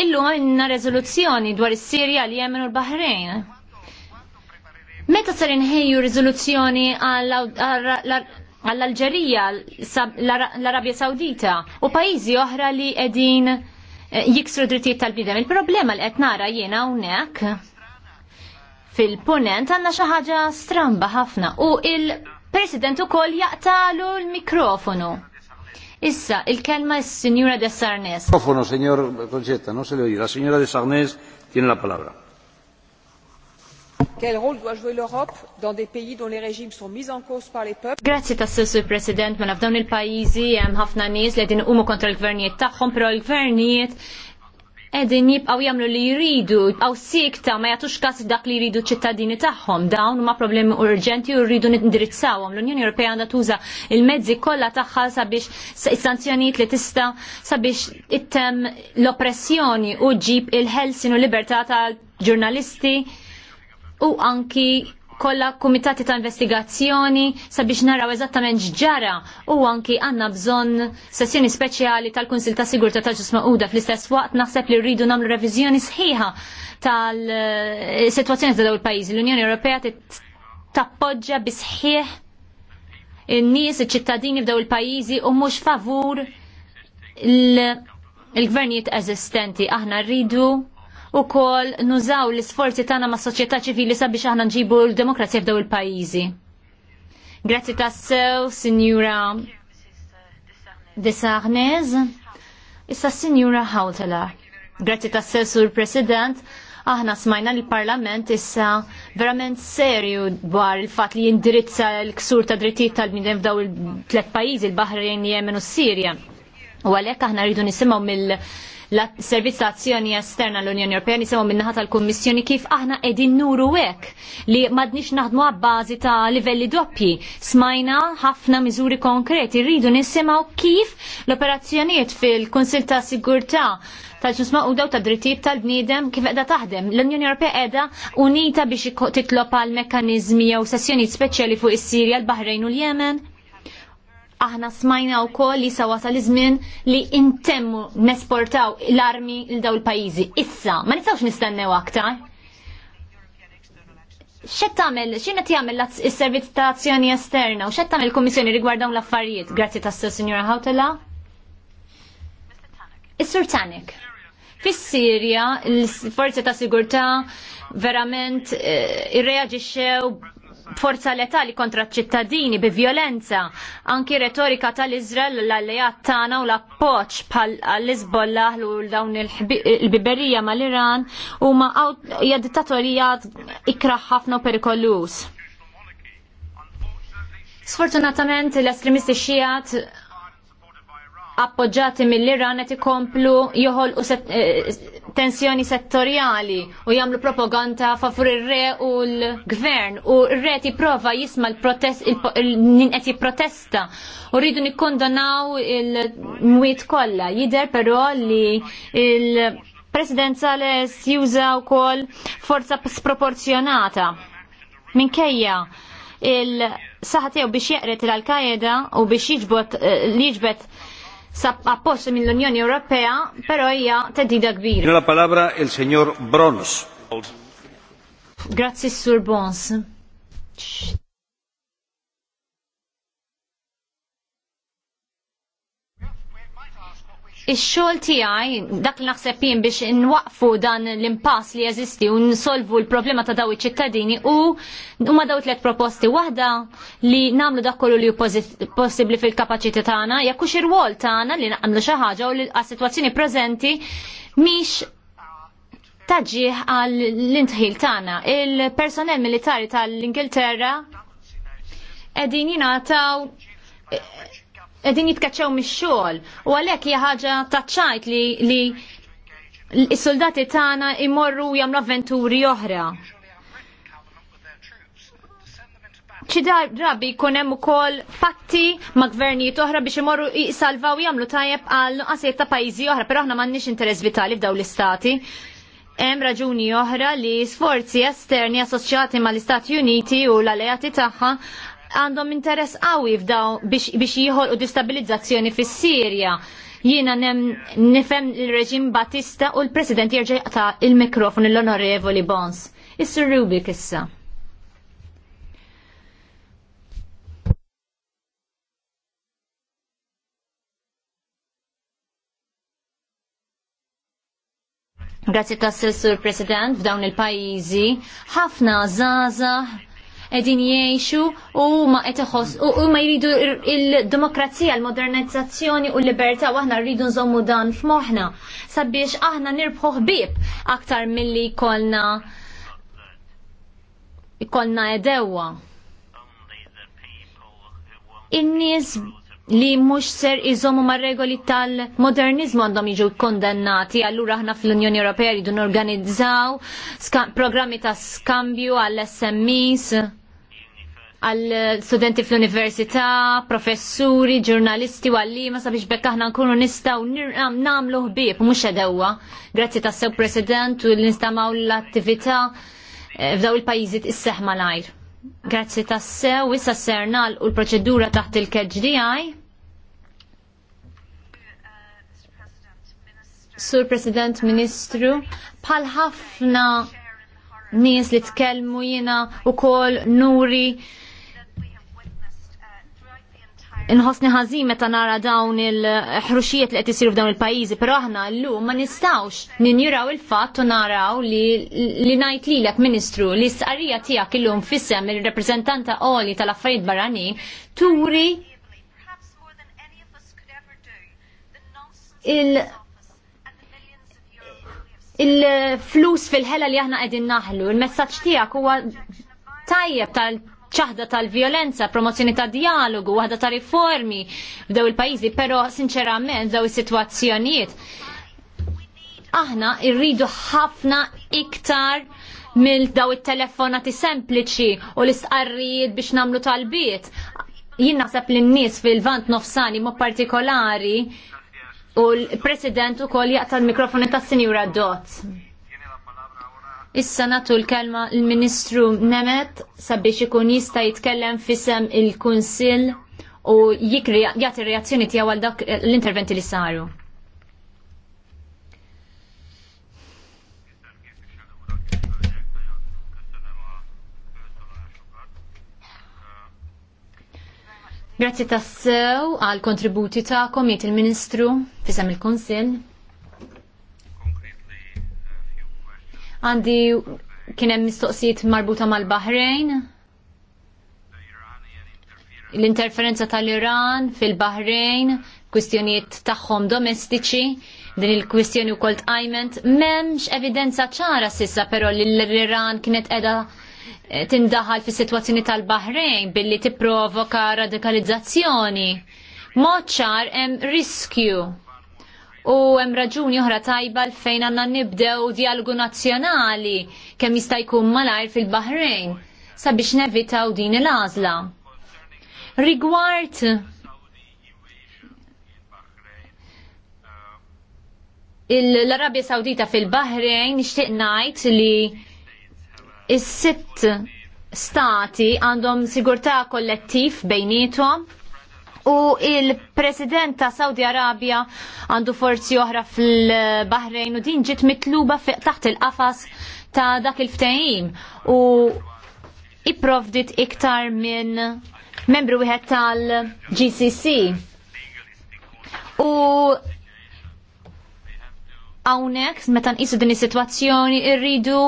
illum għamilna rezoluzzjoni dwar is-Sirja li jemen u l-Bahrejn. Meta sar inħejju riżoluzzjoni għall-Alġerija, l-Arabja Sawdita u pajjiżi oħra li qegħdin eh, jiksru drittijiet tal-bidem. Il-problema li qed nara jiena hawnhekk fil-punent għandna xi ħaġa stramba ħafna u il-President ukoll jaqtalu l-mikrofonu. Issa, il-kelma is-Sinjura De Sarnes. Mikrofono, Signor Concetta, non se le oye. La Signora De Sarnes tiene la palabra. Quel rôle doit jouer l'Europe dans des pays dont les régimes sont mis en cause par les peuples? Grazie tas-sessu President, ma nafdawn il-pajjiżi hemm ħafna nies li din huma kontra l-gvernijiet tagħhom, però l-gvernijiet edin jibqaw jamlu li jridu, għaw sikta ma jatux kas dak li jridu ċittadini tagħhom. Dawn huma problemi urġenti u rridu nindirizzawhom. L-Unjoni Ewropea għandha tuża il-mezzi kollha tagħha sabiex sanzjonijiet li tista' sabiex ittem l-oppressjoni u ġib il-ħelsin u libertà tal-ġurnalisti u anki kollha kumitati ta' investigazzjoni sabiex naraw eżattament x'ġara u anki għandna bżonn sessjoni speċjali tal-Kunsil ta' Sigurtà ta' ġus Maquda fl-istess waqt naħseb li rridu nagħmlu reviżjoni sħiħa tal-sitwazzjoni ta' dawn il-pajjiżi. L-Unjoni Ewropea tappoġġa sħiħ in-nies iċ-ċittadini f'daw il-pajjiżi u mhux favur il-gvernijiet eżistenti. Aħna rridu u kol nużaw l-sforzi tagħna ma' soċjetà ċivili sabiex aħna nġibu l-demokrazija f'daw il-pajjiżi. Grazzi tassew, Sinjura Desarnez. Issa Sinjura Hautela. Grazzi tassew, Sur President. Aħna smajna l-Parlament issa verament serju dwar il-fat li jindirizza l-ksur ta' drittijiet tal-bnidem f'daw il-tlet pajjiżi, il-Bahrejn, Jemen u Sirja. U għalhekk aħna rridu nisimgħu mill- l-Servizz ta' Azzjoni Esterna l-Unjoni Ewropea nisimgħu minnaħa tal-Kummissjoni kif aħna qegħdin nuru hekk li m'għadniex naħdmu għabbażi ta' livelli doppji. Smajna ħafna miżuri konkreti, rridu nisimgħu kif l-operazzjonijiet fil-Kunsil ta' Sigurtà tal-ġusma u daw ta' drittijiet tal-bniedem kif edha taħdem. L-Unjoni Ewropea edha unita biex titlob għal mekkanizmi jew sessjonijiet speċjali fuq is-Sirja, l-Bahrejn u l yemen Aħna smajna wkoll li sawa tal-iżmien li intemmu nesportaw l-armi l daw il-pajjiżi. Issa, ma nistgħux nistennew aktar. X'qed tagħmel, x'inet jagħmel is-servizz ta' azzjoni esterna u xet tagħmel l kummissjoni rigward dawn l-affarijiet? Grazzi tas signora Hautela? Is-Sur Tanik. Fis-Sirja, l-forzi ta' sigurtà verament eh, irreaġixxew forza letali kontra ċittadini bi violenza, anki retorika tal-Izrael l allijat tagħna u l-appoġġ għall-Izbollah u dawn il-biberija mal-Iran huma hija dittatorija ikraħ ħafna perikolus. Sfortunatament l-estremisti xijat appoġġati mill-Iran qed ikomplu joħolqu eh, tensjoni settorjali u jagħmlu propaganda favur ir-re u l-gvern u r-re jipprova jisma l-nin qed jipprotesta u rridu nikkondonaw il-mwiet kollha. Jidher però li il- President Sales juża wkoll forza sproporzjonata. Minkejja il-saħatew biex jeqret l-Al-Qaeda u biex eh, jiġbet apposta mill-Unjoni Ewropea, però hija tedida kbira. La palabra il señor Brons. Grazie, Sur Bons. Ix-xogħol tiegħi dak li naħseb jien biex nwaqfu dan l-impass li jeżisti u nsolvu l-problema ta' daw iċ-ċittadini u huma daw tliet proposti waħda li nagħmlu dak kollu li ju possibbli fil-kapaċità tagħna jekk hux ir-wol tagħna li naqamlu xi ħaġa u li għas-sitwazzjoni preżenti mhix taġġieħ għal l-intħil tagħna. Il-personell militari tal-Ingilterra qegħdin jingħataw edin jitkaċċew mix-xogħol u għalhekk hija ħaġa taċċajt li li l-soldati tagħna jmorru jagħmlu avventuri oħra. ċi drabi jkun hemm ukoll patti ma' gvernijiet oħra biex imorru jsalvaw jagħmlu tajjeb għal nuqqasijiet ta' pajjiżi oħra, però aħna m'għandniex interess vitali f'dawn l-istati. Hemm raġuni oħra li sforzi esterni assoċjati mal-Istati Uniti u l-alleati tagħha għandhom interess qawwi f'daw biex jieħolqu distabilizzazzjoni fis-Sirja. Jiena nifhem il-reġim Batista u l-President jirġa jaqta' il-mikrofon l-Onorevoli Bons. Issu Rubi kissa. issa. Grazie tassessur President f'dawn il-pajjiżi ħafna zaza qegħdin jgħixu u ma qed u ma jridu il-demokrazija, l-modernizzazzjoni u l-libertà u aħna rridu nżommu dan f'moħħna sabiex aħna nirbħu ħbieb aktar milli kolna kolna edewa. In-nies li mhux ser iżommu mar regoli tal-modernizmu għandhom jiġu kondannati, allura aħna fl-Unjoni Ewropea jridu norganizzaw programmi ta' skambju għall-SMEs għal studenti fl-università, professuri, ġurnalisti u ma sabiex bekk aħna nkunu nistaw namlu ħbib, mux edewa. Grazzi ta' sew president u l-instamaw l-attività eh, f'daw il-pajizit is-seħ malajr. Grazzi ta' sew, issa sernal u l-proċedura taħt il-KGDI. Sur President Ministru, bħal ħafna nies li tkellmu jina u kol nuri inħossni ħażin meta nara dawn il-ħruxijiet li qed isiru f'dawn il-pajjiżi, però aħna llum ma nistgħux ninjuraw il-fatt u naraw li li ngħid lilek Ministru li s-qarrija tiegħek illum fissem il-rappreżentanta qoli tal-affarijiet barranin turi il- il-flus fil-ħela li aħna qegħdin naħlu, il-messaġġ tiegħek huwa tajjeb tal ċaħda tal-violenza, promozzjoni ta' dialogu, waħda ta' riformi f'daw il-pajjiżi, però sinċerament daw is-sitwazzjonijiet aħna irridu ħafna iktar mill daw it-telefonati sempliċi u l-istqarrijiet biex namlu talbiet. Jien naħseb li n-nies fil-vant nofsani ma partikolari u l-president ukoll jaqta' l-mikrofoni tas-Sinjura Dot. Issa natu l-kelma l-Ministru Nemet sabiex ikun jista' jitkellem fisem il-Kunsill u jikri jagħti reazzjoni tiegħu għal dak l-interventi li saru. Grazzi tassew għal kontributi tagħkom jiet il-Ministru fisem il kunsill Għandi kien hemm mistoqsijiet marbuta mal-Bahrejn. L-interferenza tal-Iran fil-Bahrejn, kwistjonijiet tagħhom domestiċi, din il-kwistjoni wkoll tqajment, m'hemmx evidenza ċara sissa però li l-Iran kienet qiegħda eh, tindaħal fis situazzjoni tal-Bahrejn billi tipprovoka radikalizzazzjoni. Mod ċar hemm riskju U hemm raġuni oħra tajba l fejn għandna nibdew dialogu nazzjonali kemm jista' jkun malajr fil-Baħrejn sabiex nevitaw din il-għażla. Rigward l-Arabja Sawdita fil-Baħrejn nixtieq ngħid li s-sitt stati għandhom sigurtà kollettiv bejnietom U il-president ta' Saudi Arabia għandu forzi oħra fil-Bahrejn u din ġiet mitluba taħt il-qafas ta' dak il-ftehim u ipprovdit iktar minn membru wieħed tal-GCC. U hawnhekk meta nqisu din is-sitwazzjoni rridu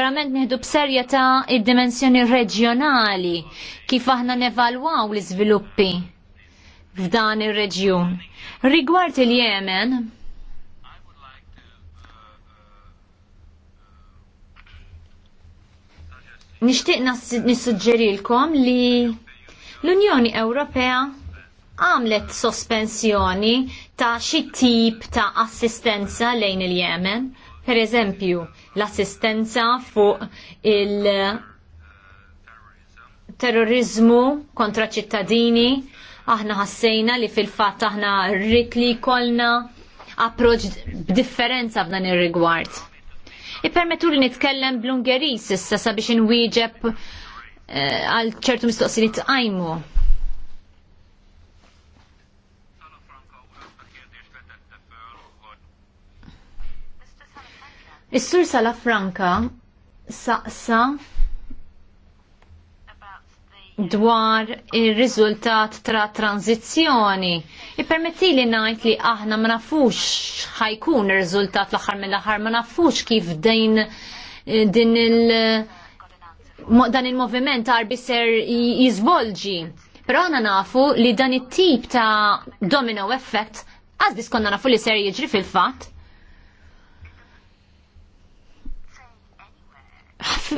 verament nieħdu b'serjetà id-dimensjoni reġjonali kif aħna nevalwaw l-iżviluppi f'dan ir-reġjun. Rigward il-Jemen, nishtiq nissuġġerilkom li l-Unjoni Ewropea għamlet sospensjoni ta' xi tip ta' assistenza lejn il-Jemen, per eżempju l-assistenza fuq il- terrorizmu kontra ċittadini aħna ħassejna li fil-fatt aħna rrit li kolna approċ b'differenza f'dan ir-rigward. Ippermetu li nitkellem bl-Ungeris issa sabiex inwieġeb eh, għal ċertu mistoqsi li tqajmu. Is-sur Salafranca saqsa dwar ir-riżultat tra tranzizzjoni. Ippermetti li ngħid li aħna ma nafux ħajkun il riżultat l-aħħar mill-aħħar ma nafux kif din din il- dan il-moviment arbi ser jizvolġi. Pero għana nafu li dan it-tip ta' domino effect għazbis konna nafu li ser jiġri fil-fat.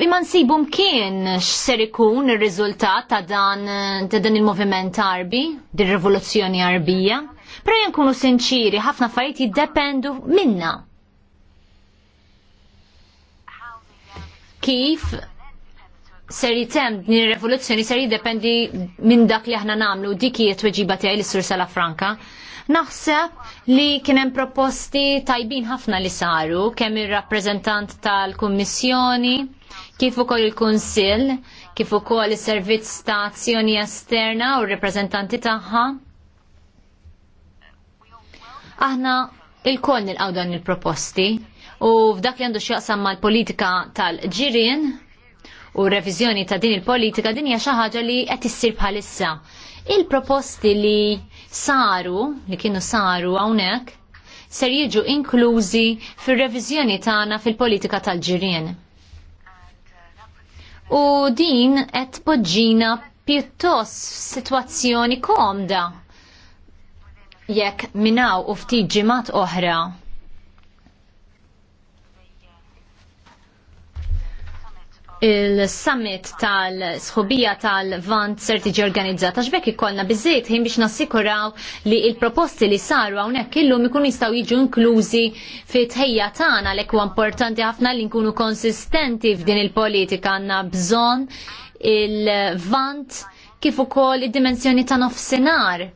Imma nsibu mkien x'ser ikun ir-riżultat ta' dan ta' dan il-moviment arbi, dir-rivoluzzjoni arbija. Pero jen nkunu sinċiri, ħafna fajti jiddependu minna. Kif ser jitem din ir-rivoluzzjoni ser jiddependi minn dak li aħna nagħmlu dikiet weġiba tweġiba tiegħi lis sur Sala Franka. Naħseb li kienem proposti tajbin ħafna li saru, kemm ir-rappreżentant tal-Kummissjoni, kif ukoll il-Kunsill, kif ukoll is-Servizz ta' Azzjoni Esterna u r-rappreżentanti tagħha. Aħna il-koll dan il-proposti u f'dak li għandu x'jaqsam mal-politika tal-ġirien u reviżjoni ta' din il-politika din hija xi ħaġa li qed issir bħalissa. Il-proposti li saru, li kienu saru hawnhekk, ser jiġu inklużi fir-reviżjoni tagħna fil-politika tal-ġirien. U din qed poġġina pjuttost situazzjoni komda jekk minaw u ftit ġimgħat oħra il-summit tal-sħobija tal-vant sertiġi organizzata xbek ikollna bizzejt ħin biex nassikuraw li il-proposti li saru hawnhekk illum ikun jistgħu jiġu inklużi fi tħejja tagħna għalhekk huwa importanti ħafna li nkunu konsistenti f'din il-politika għandna bżonn il-vant kif ukoll id-dimensjoni ta' nofsinhar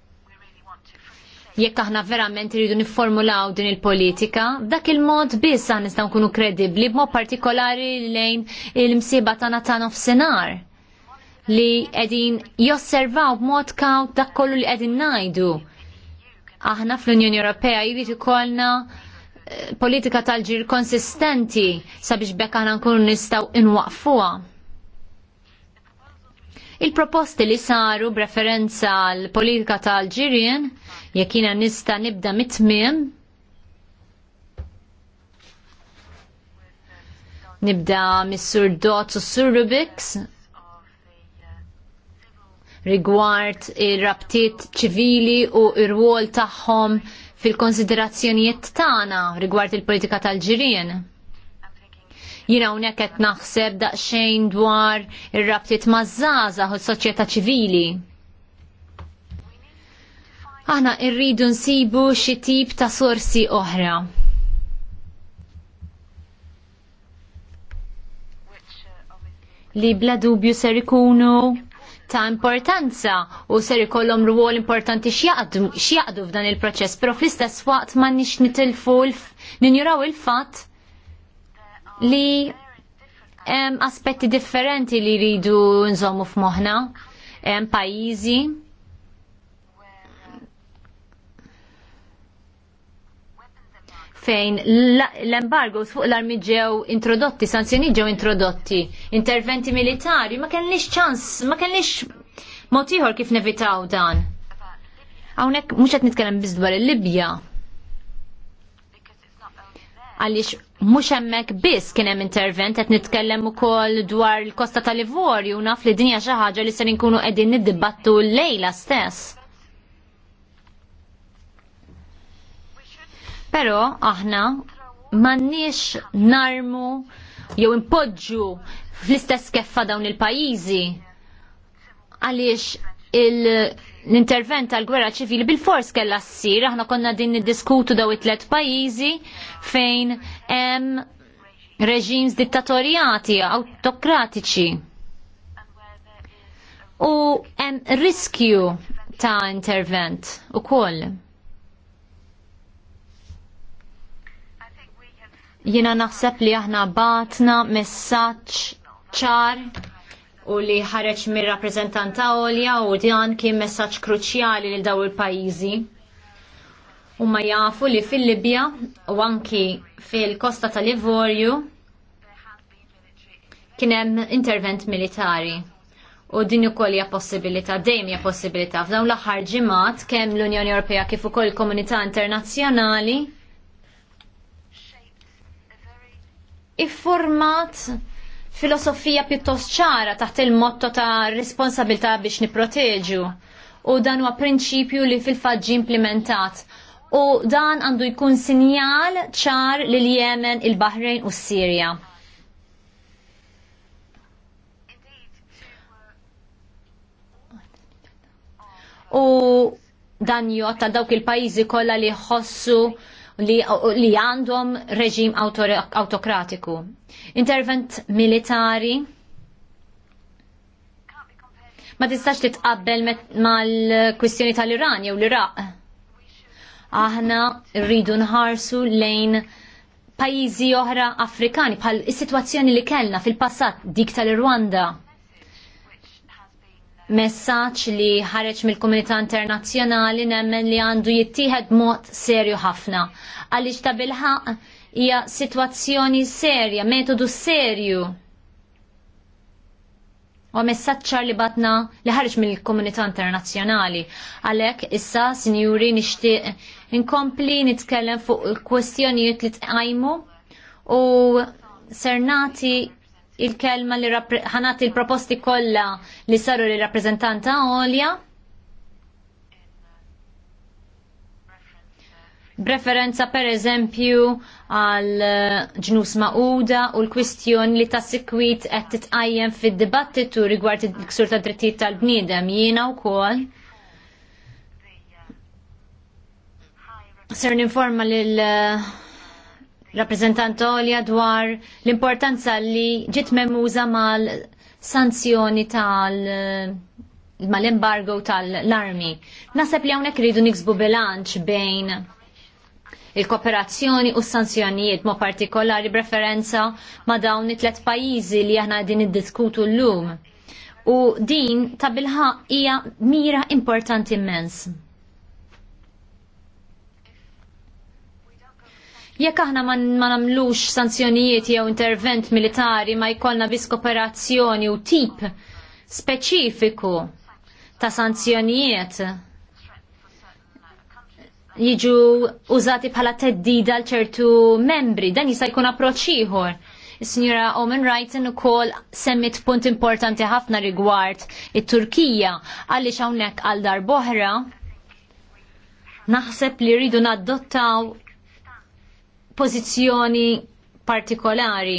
jekk aħna verament rridu nifformulaw din il-politika, dak il-mod biss aħna nistgħu nkunu kredibbli b'mod partikolari lejn il-msiba tagħna ta' nofsinhar li qegħdin josservaw b'mod kaw dak kollu li qegħdin ngħidu. Aħna fl-Unjoni Ewropea jrid ikollna eh, politika tal-ġir konsistenti sabiex bekk aħna nkunu nistgħu inwaqfuha. Il-proposti li saru b'referenza għal politika tal-ġirien, jekk nista' nibda mitmim, Nibda missur Dots u sur Rubiks rigward ir-rabtiet ċivili u r wol tagħhom fil-konsiderazzjonijiet tagħna rigward il-politika tal-ġirien. Jina hawnhekk qed naħseb daqsxejn dwar ir-rabtiet maż-żgħażagħ u s-soċjetà ċivili. Aħna rridu nsibu xi tip ta' sorsi oħra. Li bla dubju ser ikunu ta' importanza u ser ikollhom rwol importanti x'jaqdu f'dan il-proċess, però fl-istess waqt ma nix nitilfu ninjuraw il-fatt li hemm aspetti differenti li ridu nżommu f'moħħna hemm pajjiżi fejn l embargo fuq l-armi ġew introdotti, sanzjoni ġew introdotti, interventi militari, ma kellix ċans, ma kellix motiħor kif nevitaw dan. Hawnhekk mhux qed nitkellem biss dwar il-Libja. Għalix, mux emmek biss kien hemm intervent qed nitkellem ukoll dwar il-Kosta tal u naf li dinja xi ħaġa li se nkunu qegħdin niddibattu lejla stess. Però aħna m'għandniex narmu jew impoġġu fl-istess keffa dawn il-pajjiżi għaliex l-intervent tal-gwerra ċivili bil-fors kella s-sir, aħna konna din niddiskutu daw it-tlet pajizi fejn hemm reġims dittatorjati, autokratiċi. U hemm riskju ta' intervent u koll. Jina naħseb li aħna batna messaċ ċar u li ħareġ mir rappreżentanta għolja u dan kien messaġġ kruċjali lil daw il-pajjiżi. U ma jafu li fil-Libja u anki fil-kosta tal-Livorju kien hemm intervent militari. U din ukoll hija possibilità, dejjem hija possibilità. F'dawn l-aħħar ġimgħat kemm l-Unjoni Ewropea kif ukoll il-komunità internazzjonali iffurmat filosofija pjuttost ċara taħt il-motto ta' responsabilità biex niproteġu. U dan huwa prinċipju li fil-faġġi implementat. U dan għandu jkun sinjal ċar l Yemen, il-Bahrejn u s-Sirja. U dan jgħot ta' dawk il-pajjiżi kollha li jħossu li, li għandhom reġim autokratiku. Intervent militari ma tistax titqabbel mal-kwistjoni tal-Iran jew l-Iraq. Aħna rridu nħarsu lejn pajjiżi oħra Afrikani bħal is-sitwazzjoni li kellna fil-passat dik tal-Irwanda. Messaġġ li ħareġ mill-komunità internazzjonali nemmen li għandu jittieħed mod serju ħafna. Għaliex ta' bilħaq hija sitwazzjoni serja, metodu serju. U messaċċar li batna li ħarġ mill-komunità internazzjonali. Għalhekk issa, sinjuri, nixtieq inkompli nitkellem fuq il-kwestjonijiet li tqajmu u sernati il-kelma li ħanati il-proposti kollha li saru li rappresentanta Olja Preferenza per eżempju għal eh, ġnus ma'uda u l-kwistjon li ta' sikwit qed titqajjem fid-dibattitu rigward il-ksur ta' drittijiet tal-bniedem jiena wkoll. Ser ninforma lil eh, rappresentant Olja dwar l-importanza li ġiet memuża mal-sanzjoni tal- eh, mal-embargo tal-armi. Nasab li hawnhekk ridu niksbu bilanċ bejn il-kooperazzjoni u s-sanzjonijiet ma' partikolari b'referenza ma' dawn it-tlet pajjiżi li aħna din iddiskutu llum. U din ta' bilħa hija mira importanti immens. jekk aħna ma nagħmlux sanzjonijiet jew intervent militari ma jkollna biss kooperazzjoni u tip speċifiku ta' sanzjonijiet jiġu użati bħala teddida l-ċertu membri, dan jista' jkun approċċ ieħor. Signora Omen Wrighton u kol semmit punt importanti ħafna rigward it-Turkija għalli xawnek għal dar boħra naħseb li rridu naddottaw pozizjoni partikolari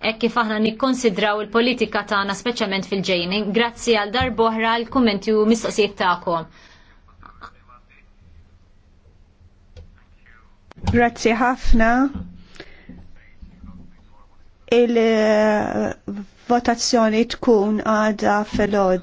e kif aħna nikkonsidraw il-politika tagħna speċjalment fil-ġejni. Grazzi għal dar boħra l-kummenti u mistoqsijiet tagħkom. Grazzi ħafna. Il-votazzjoni eh, tkun għada fil